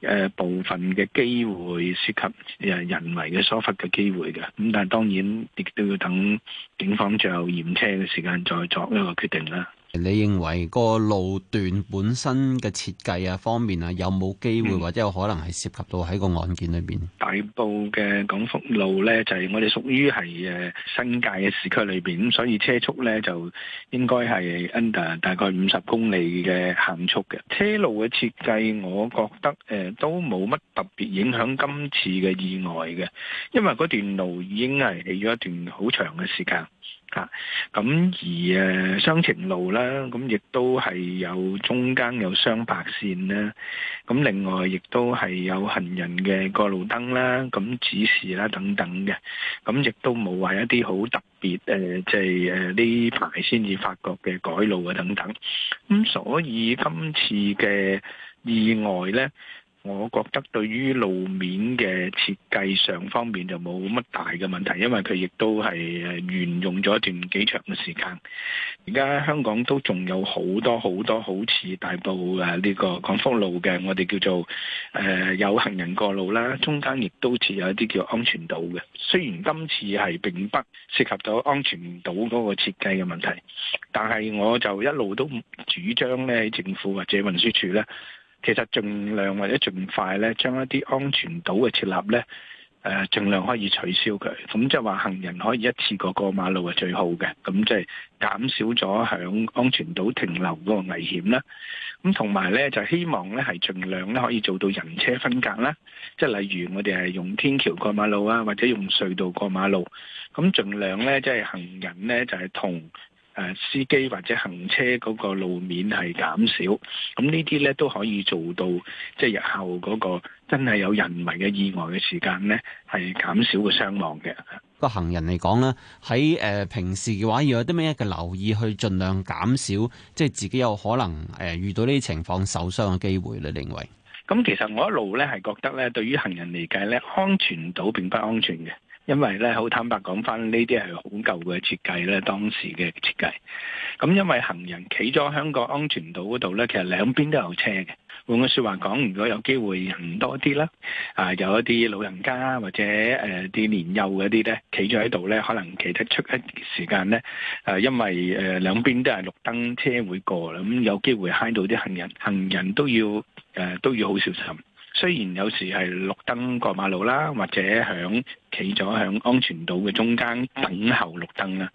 誒部分嘅機會涉及誒人為嘅疏忽嘅機會㗎。咁但係當然亦都要等警方最後驗車嘅時間再作一個決定啦。你認為個路段本身嘅設計啊方面啊有冇機會、嗯、或者有可能係涉及到喺個案件裏邊？大埔嘅港福路咧就係、是、我哋屬於係誒新界嘅市區裏邊，咁所以車速咧就應該係 under 大概五十公里嘅限速嘅。車路嘅設計，我覺得誒、呃、都冇乜特別影響今次嘅意外嘅，因為嗰段路已經係起咗一段好長嘅時間。咁而誒雙程路啦，咁亦都係有中間有雙白線啦。咁另外亦都係有行人嘅過路燈啦，咁指示啦等等嘅，咁亦都冇話一啲好特別誒，即係誒呢排先至發覺嘅改路啊等等，咁所以今次嘅意外咧。我覺得對於路面嘅設計上方面就冇乜大嘅問題，因為佢亦都係沿用咗一段幾長嘅時間。而家香港都仲有好多好多好似大埔誒呢個廣福路嘅，我哋叫做誒、呃、有行人過路啦，中間亦都設有一啲叫安全島嘅。雖然今次係並不涉及到安全島嗰個設計嘅問題，但係我就一路都主張咧，喺政府或者運輸署咧。其實盡量或者盡快咧，將一啲安全島嘅設立咧，誒、呃、盡量可以取消佢。咁即係話行人可以一次過過馬路係最好嘅，咁即係減少咗響安全島停留嗰個危險啦。咁同埋咧就希望咧係盡量咧可以做到人車分隔啦，即係例如我哋係用天橋過馬路啊，或者用隧道過馬路，咁盡量咧即係行人咧就係同。誒司機或者行車嗰個路面係減少，咁呢啲呢都可以做到，即係日後嗰個真係有人為嘅意外嘅時間呢係減少個傷亡嘅。個行人嚟講咧，喺誒平時嘅話要有啲咩嘅留意，去盡量減少即係自己有可能誒遇到呢啲情況受傷嘅機會咧，你認為？咁其實我一路呢係覺得呢，對於行人嚟計呢，安全島並不安全嘅。因為咧，好坦白講返，呢啲係好舊嘅設計咧，當時嘅設計。咁因為行人企咗香港安全島嗰度咧，其實兩邊都有車嘅。換句説話講，如果有機會人多啲啦，啊、呃，有一啲老人家或者誒啲、呃、年幼嗰啲咧，企咗喺度咧，可能企得出一段時間咧，誒、呃，因為誒、呃、兩邊都係綠燈車會過咁，嗯、有機會揩到啲行人，行人都要誒、呃、都要好小心。雖然有時係綠燈過馬路啦，或者喺企咗喺安全島嘅中間等候綠燈啦。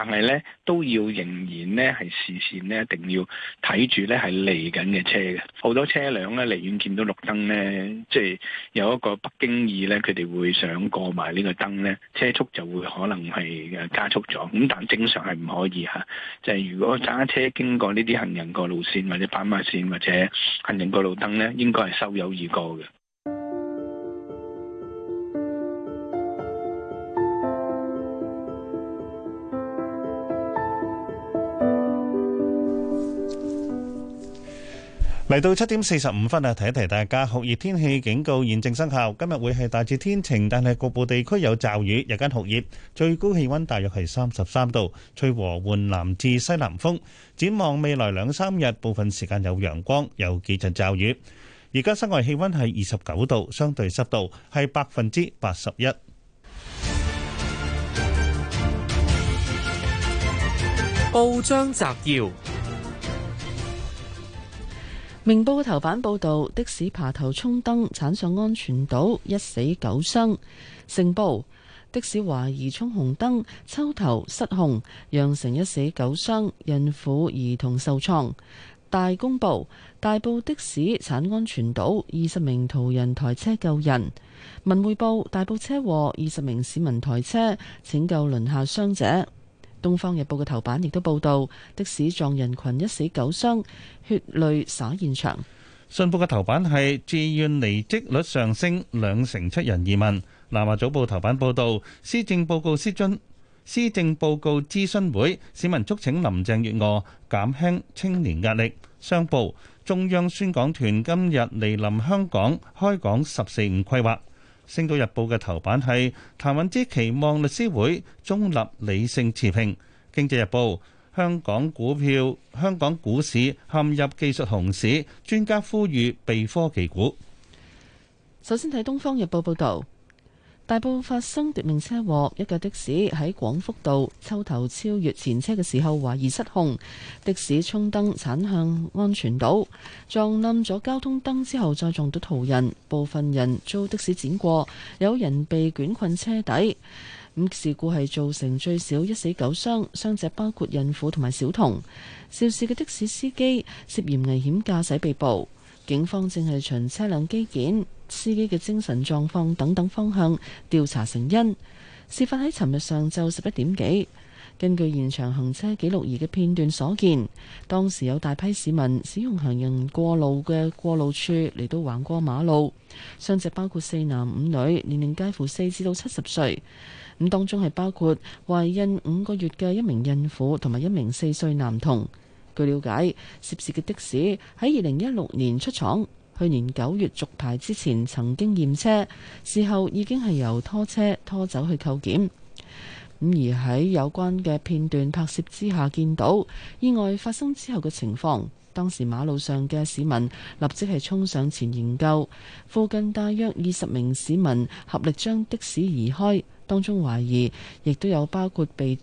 但係咧，都要仍然咧，係視線咧，一定要睇住咧，係嚟緊嘅車嘅。好多車輛咧，離遠見到綠燈咧，即係有一個不經意咧，佢哋會想過埋呢個燈咧，車速就會可能係誒加速咗。咁但正常係唔可以嚇，就係、是、如果揸車經過呢啲行人過路線或者斑馬線或者行人過路燈咧，應該係收油而過嘅。嚟到七點四十五分啊，提一提大家，酷熱天氣警告現正生效。今日會係大致天晴，但係局部地區有驟雨，日間酷熱。最高氣溫大約係三十三度，吹和緩南至西南風，展望未來兩三日，部分時間有陽光，有幾陣驟雨。而家室外氣溫係二十九度，相對濕度係百分之八十一。報章摘要。明報嘅頭版報道的士爬頭衝燈，鏟上安全島，一死九傷。成報的士懷疑衝紅燈，抽頭失控，釀成一死九傷，孕婦、兒童受創。大公報大埔的士鏟安全島，二十名途人抬車救人。文匯報大埔車禍，二十名市民抬車拯救輪下傷者。《東方日報》嘅頭版亦都報道的士撞人群，一死九傷，血淚灑現場。《信報》嘅頭版係自願離職率上升，兩成七人移民。《南華早報》頭版報道，施政報告諮詢施政報告諮詢會，市民促請林鄭月娥減輕青年壓力。商報，中央宣講團今日嚟臨香港，開講「十四五」規劃。《星島日報》嘅頭版係譚允芝期望律師會中立理性持平，《經濟日報》，香港股票香港股市陷入技術熊市，專家呼籲避科技股。首先睇《東方日報》報道。大埔發生奪命車禍，一架的士喺廣福道抽頭超越前車嘅時候，懷疑失控，的士衝燈鏟向安全島，撞冧咗交通燈之後，再撞到途人，部分人遭的士輾過，有人被捲困車底。咁事故係造成最少一死九傷，傷者包括孕婦同埋小童。肇事嘅的，的士司機涉嫌危險駕駛被捕，警方正係循車輛機件，司機嘅精神狀況等等方向調查成因。事發喺尋日上晝十一點幾。根據現場行車記錄儀嘅片段所見，當時有大批市民使用行人過路嘅過路處嚟到橫過馬路。傷者包括四男五女，年齡介乎四至到七十歲。咁當中係包括懷孕五個月嘅一名孕婦同埋一名四歲男童。據了解，涉事嘅的士喺二零一六年出廠。去年九月續牌之前曾經驗車，事後已經係由拖車拖走去扣檢。咁而喺有關嘅片段拍攝之下，見到意外發生之後嘅情況，當時馬路上嘅市民立即係衝上前營救。附近大約二十名市民合力將的士移開，當中懷疑亦都有包括被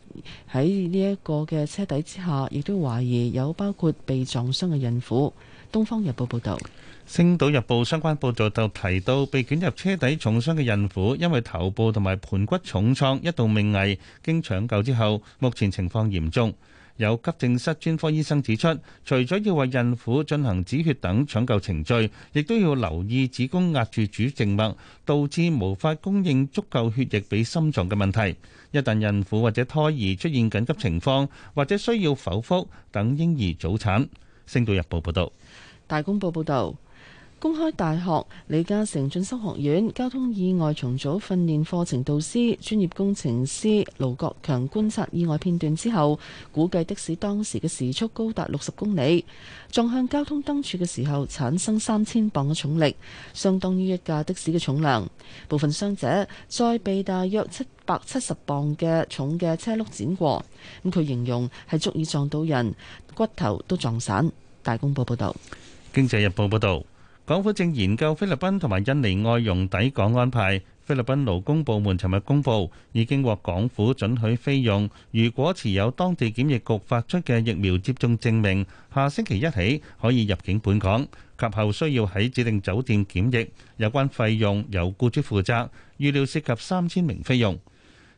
喺呢一個嘅車底之下，亦都懷疑有包括被撞傷嘅孕婦。《東方日報》報道。星島日報相關報道就提到，被捲入車底重傷嘅孕婦，因為頭部同埋盆骨重創一度命危，經搶救之後，目前情況嚴重。有急症室專科醫生指出，除咗要為孕婦進行止血等搶救程序，亦都要留意子宮壓住主靜脈，導致無法供應足夠血液俾心臟嘅問題。一旦孕婦或者胎兒出現緊急情況，或者需要剖腹等嬰兒早產。星島日報報道，大公報報道。公開大學李嘉誠進修學院交通意外重組訓練課程導師、專業工程師盧國強，觀察意外片段之後，估計的士當時嘅時速高達六十公里，撞向交通燈柱嘅時候產生三千磅嘅重力，相當於一架的士嘅重量。部分傷者再被大約七百七十磅嘅重嘅車轆剪過，咁佢形容係足以撞到人骨頭都撞散。大公報報道。經濟日報報道。港府正研究菲律賓同埋印尼外傭抵港安排。菲律賓勞工部門尋日公佈，已經獲港府准許，菲傭如果持有當地檢疫局發出嘅疫苗接種證明，下星期一起可以入境本港，及後需要喺指定酒店檢疫。有關費用由雇主負責，預料涉及三千名菲傭。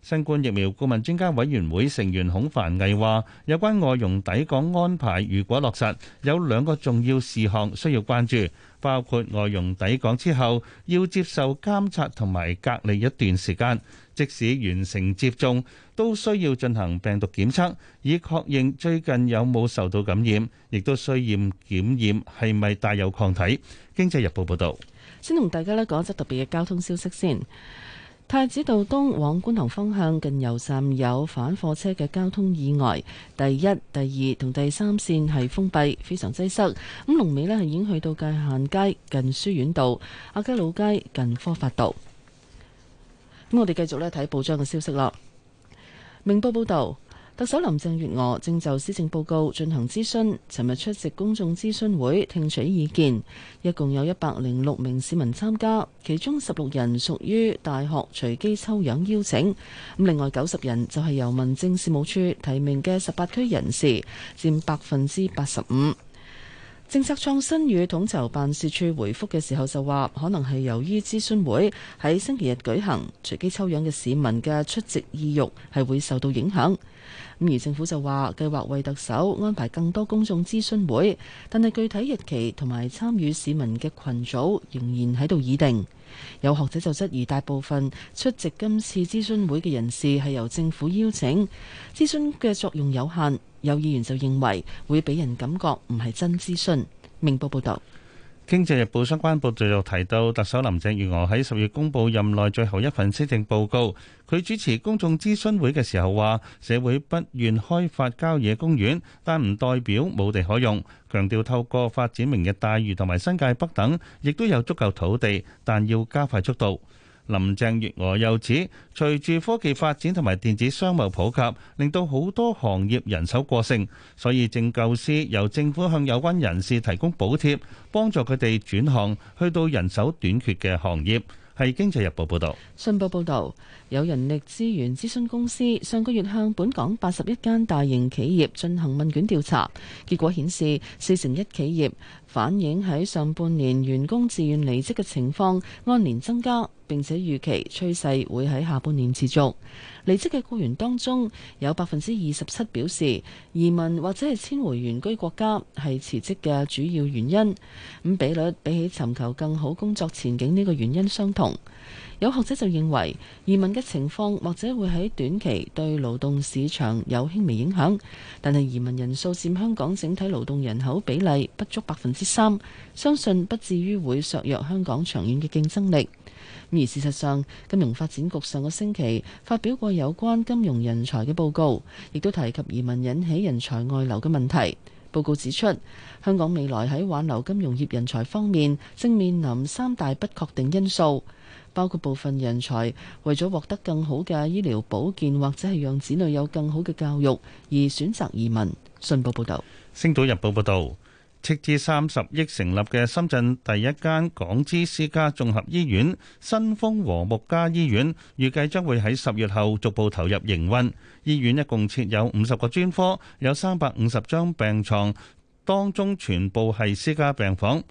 新冠疫苗顧問專家委員會成員孔凡毅話，有關外傭抵港安排如果落實，有兩個重要事項需要關注。包括外傭抵港之後，要接受監察同埋隔離一段時間。即使完成接種，都需要進行病毒檢測，以確認最近有冇受到感染，亦都需要驗檢驗係咪帶有抗體。經濟日報報導。先同大家咧講一則特別嘅交通消息先。太子道東往觀塘方向近油站有反貨車嘅交通意外，第一、第二同第三線係封閉，非常擠塞。咁龍尾呢，係已經去到界限街近書院道、亞皆老街近科發道。咁我哋繼續呢睇報章嘅消息啦。明報報道。特首林鄭月娥正就施政報告進行諮詢，尋日出席公眾諮詢會聽取意見，一共有一百零六名市民參加，其中十六人屬於大學隨機抽樣邀請，咁另外九十人就係由民政事務處提名嘅十八區人士，佔百分之八十五。政策創新與統籌辦事處回覆嘅時候就話，可能係由於諮詢會喺星期日舉行，隨機抽樣嘅市民嘅出席意欲係會受到影響。咁而政府就話計劃為特首安排更多公眾諮詢會，但係具體日期同埋參與市民嘅群組仍然喺度議定。有學者就質疑大部分出席今次諮詢會嘅人士係由政府邀請，諮詢嘅作用有限。有議員就認為會俾人感覺唔係真諮詢。明報報道。《經濟日報》相關報導又提到，特首林鄭月娥喺十月公布任內最後一份施政報告，佢主持公眾諮詢會嘅時候話：社會不願開發郊野公園，但唔代表冇地可用。強調透過發展明日大嶼同埋新界北等，亦都有足夠土地，但要加快速度。林鄭月娥又指，隨住科技發展同埋電子商務普及，令到好多行業人手過剩，所以正教師，由政府向有關人士提供補貼，幫助佢哋轉行去到人手短缺嘅行業，係經濟日報報道。信報報道，有人力資源諮詢公司上個月向本港八十一間大型企業進行問卷調查，結果顯示四成一企業反映喺上半年員工自願離職嘅情況按年增加。並且預期趨勢會喺下半年持續。離職嘅雇員當中有百分之二十七表示移民或者係遷回原居國家係辭職嘅主要原因，咁比率比起尋求更好工作前景呢個原因相同。有學者就認為，移民嘅情況或者會喺短期對勞動市場有輕微影響，但係移民人數佔香港整體勞動人口比例不足百分之三，相信不至於會削弱香港長遠嘅競爭力。而事實上，金融發展局上個星期發表過有關金融人才嘅報告，亦都提及移民引起人才外流嘅問題。報告指出，香港未來喺挽留金融業人才方面，正面臨三大不確定因素，包括部分人才為咗獲得更好嘅醫療保健，或者係讓子女有更好嘅教育而選擇移民。信報報道。星島日報報道。斥資三十億成立嘅深圳第一間港資私家綜合醫院新豐和睦家醫院，預計將會喺十月後逐步投入營運。醫院一共設有五十個專科，有三百五十張病床，當中全部係私家病房。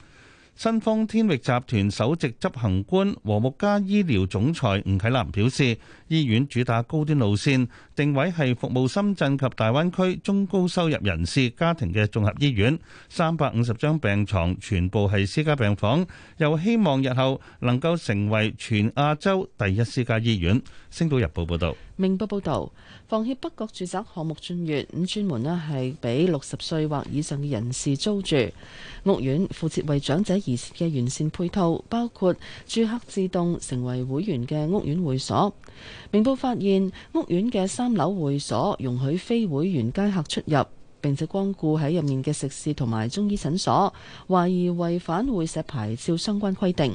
新豐天域集團首席執行官和睦家醫療總裁吳啟南表示，醫院主打高端路線，定位係服務深圳及大灣區中高收入人士家庭嘅綜合醫院，三百五十張病床全部係私家病房，又希望日後能夠成為全亞洲第一私家醫院。星島日報報道。明報報導，房協北角住宅項目俊月，咁專門咧係俾六十歲或以上嘅人士租住。屋苑附設為長者而設嘅完善配套，包括住客自動成為會員嘅屋苑會所。明報發現屋苑嘅三樓會所容許非會員街客出入，並且光顧喺入面嘅食肆同埋中醫診所，懷疑違反會社牌照相關規定。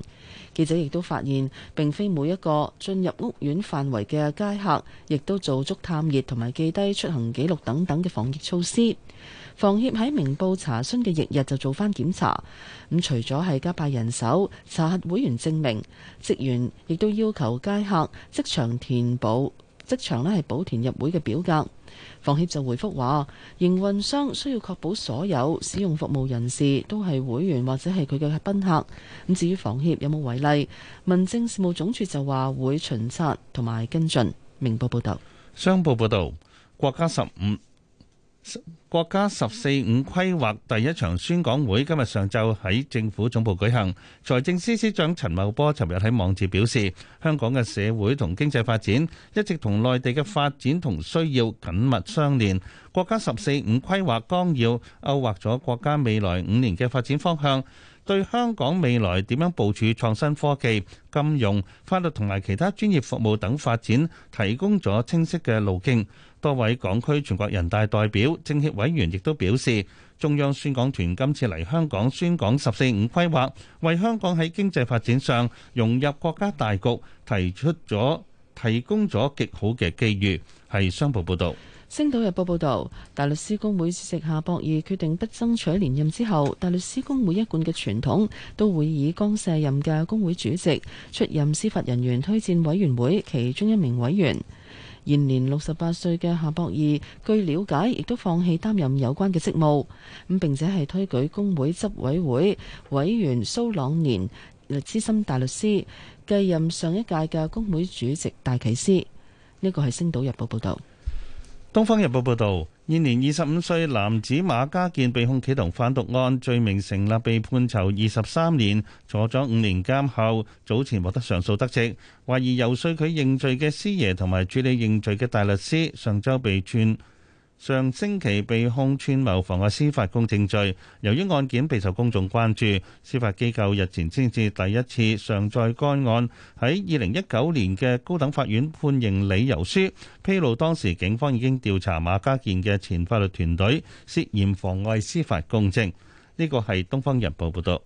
記者亦都發現，並非每一個進入屋苑範圍嘅街客，亦都做足探熱同埋記低出行記錄等等嘅防疫措施。房協喺明報查詢嘅翌日，日就做返檢查，咁除咗係加派人手查核會員證明，職員亦都要求街客即場填補。職場咧係補填入會嘅表格，房協就回覆話，營運商需要確保所有使用服務人士都係會員或者係佢嘅賓客。咁至於房協有冇違例，民政事務總署就話會巡察同埋跟進。明報報道，商報報道，國家十五。國家十四五規劃第一場宣講會今日上晝喺政府總部舉行。財政司司長陳茂波尋日喺網誌表示，香港嘅社會同經濟發展一直同內地嘅發展同需要緊密相連。國家十四五規劃綱要勾畫咗國家未來五年嘅發展方向，對香港未來點樣部署創新科技、金融、法律同埋其他專業服務等發展提供咗清晰嘅路徑。多位港區全國人大代表、政協委員亦都表示，中央宣講團今次嚟香港宣講「十四五」規劃，為香港喺經濟發展上融入國家大局提出咗提供咗極好嘅機遇。係商報報道，《星島日報》報道，大律師公會主席夏博義決定不爭取連任之後，大律師公會一貫嘅傳統都會以剛卸任嘅公會主席出任司法人員推薦委員會其中一名委員。現年六十八歲嘅夏博義，據了解亦都放棄擔任有關嘅職務，咁並且係推舉工會執委會委員蘇朗年誒資深大律師繼任上一屆嘅工會主席戴啟思。呢個係《星島日報》報道。東方日報報道，現年二十五歲男子馬家健被控企同販毒案，罪名成立，被判囚二十三年，坐咗五年監後，早前獲得上訴得直。懷疑遊說佢認罪嘅師爺同埋處理認罪嘅大律師，上周被串。上星期被控串謀妨礙司法公正罪，由於案件備受公眾關注，司法機構日前先至第一次上載該案喺二零一九年嘅高等法院判刑理由書，披露當時警方已經調查馬家健嘅前法律團隊涉嫌妨礙司法公正。呢個係《東方日報》報道。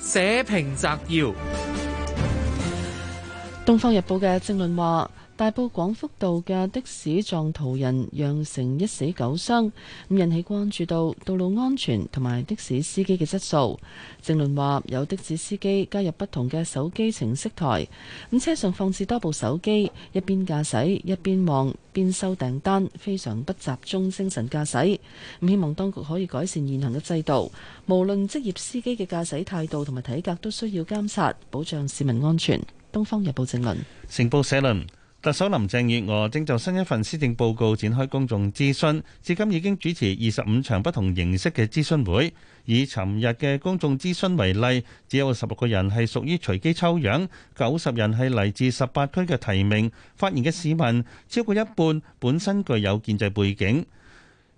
社評摘要。《東方日報》嘅正論話，大埔廣福道嘅的,的士撞途人，釀成一死九傷，引起關注到道路安全同埋的士司機嘅質素。正論話，有的士司機加入不同嘅手機程式台，咁車上放置多部手機，一邊駕駛一邊望邊收訂單，非常不集中精神駕駛。咁希望當局可以改善現行嘅制度，無論職業司機嘅駕駛態度同埋體格都需要監察，保障市民安全。《東方日報》正論。成報社論，特首林鄭月娥正就新一份施政報告展開公眾諮詢，至今已經主持二十五場不同形式嘅諮詢會。以尋日嘅公眾諮詢為例，只有十六個人係屬於隨機抽樣，九十人係嚟自十八區嘅提名。發言嘅市民超過一半本身具有建制背景。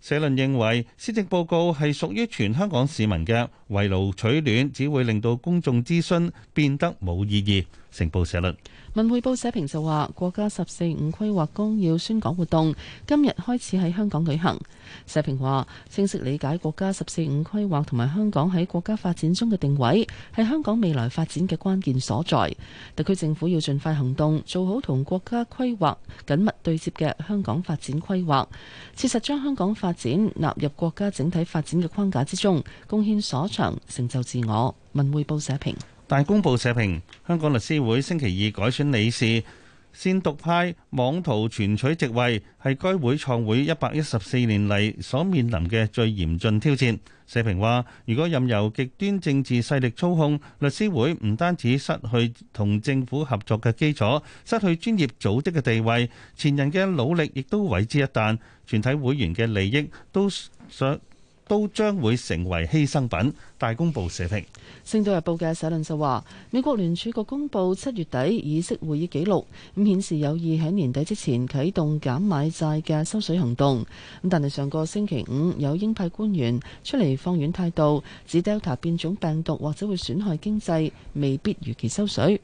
社論認為施政報告係屬於全香港市民嘅圍爐取暖，只會令到公眾諮詢變得冇意義。成報社論。文匯報社評就話，國家十四五規劃綱要宣講活動今日開始喺香港舉行。社評話，清晰理解國家十四五規劃同埋香港喺國家發展中嘅定位，係香港未來發展嘅關鍵所在。特區政府要盡快行動，做好同國家規劃緊密對接嘅香港發展規劃，切實將香港發展納入國家整體發展嘅框架之中，貢獻所長，成就自我。文匯報社評。大公報社評，香港律師會星期二改選理事，煽獨派妄圖篡取席位，係該會創會一百一十四年嚟所面臨嘅最嚴峻挑戰。社評話：如果任由極端政治勢力操控律師會，唔單止失去同政府合作嘅基礎，失去專業組織嘅地位，前人嘅努力亦都為之一旦，全體會員嘅利益都想，都將會成為犧牲品。大公報社評，《星島日報》嘅社論就話：美國聯儲局公佈七月底議息會議記錄，咁顯示有意喺年底之前啟動減買債嘅收水行動。咁但係上個星期五有鷹派官員出嚟放軟態度，指 Delta 變種病毒或者會損害經濟，未必如期收水。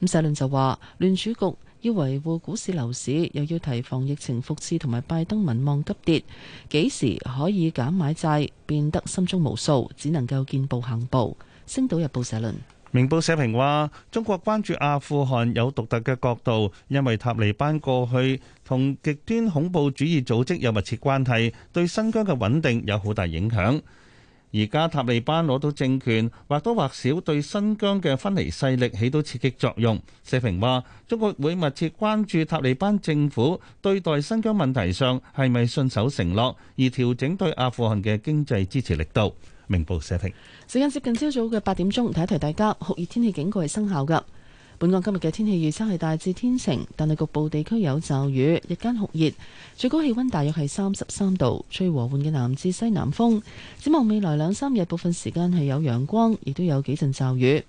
咁社論就話聯儲局。要維護股市樓市，又要提防疫情復熾同埋拜登民望急跌，幾時可以減買債，變得心中無數，只能夠見步行步。星島日報社論，明報社評話：中國關注阿富汗有獨特嘅角度，因為塔利班過去同極端恐怖主義組織有密切關係，對新疆嘅穩定有好大影響。而家塔利班攞到政權，或多或少對新疆嘅分離勢力起到刺激作用。社評話：中國會密切關注塔利班政府對待新疆問題上係咪信守承諾，而調整對阿富汗嘅經濟支持力度。明報社評。時間接近朝早嘅八點鐘，提一提大家酷熱天氣警告係生效㗎。本港今日嘅天氣預測係大致天晴，但係局部地區有驟雨，日間酷熱，最高氣溫大約係三十三度，吹和緩嘅南至西南風。展望未來兩三日，部分時間係有陽光，亦都有幾陣驟雨。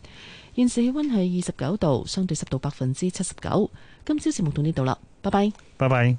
現時氣溫係二十九度，相對濕度百分之七十九。今朝節目到呢度啦，拜拜，拜拜。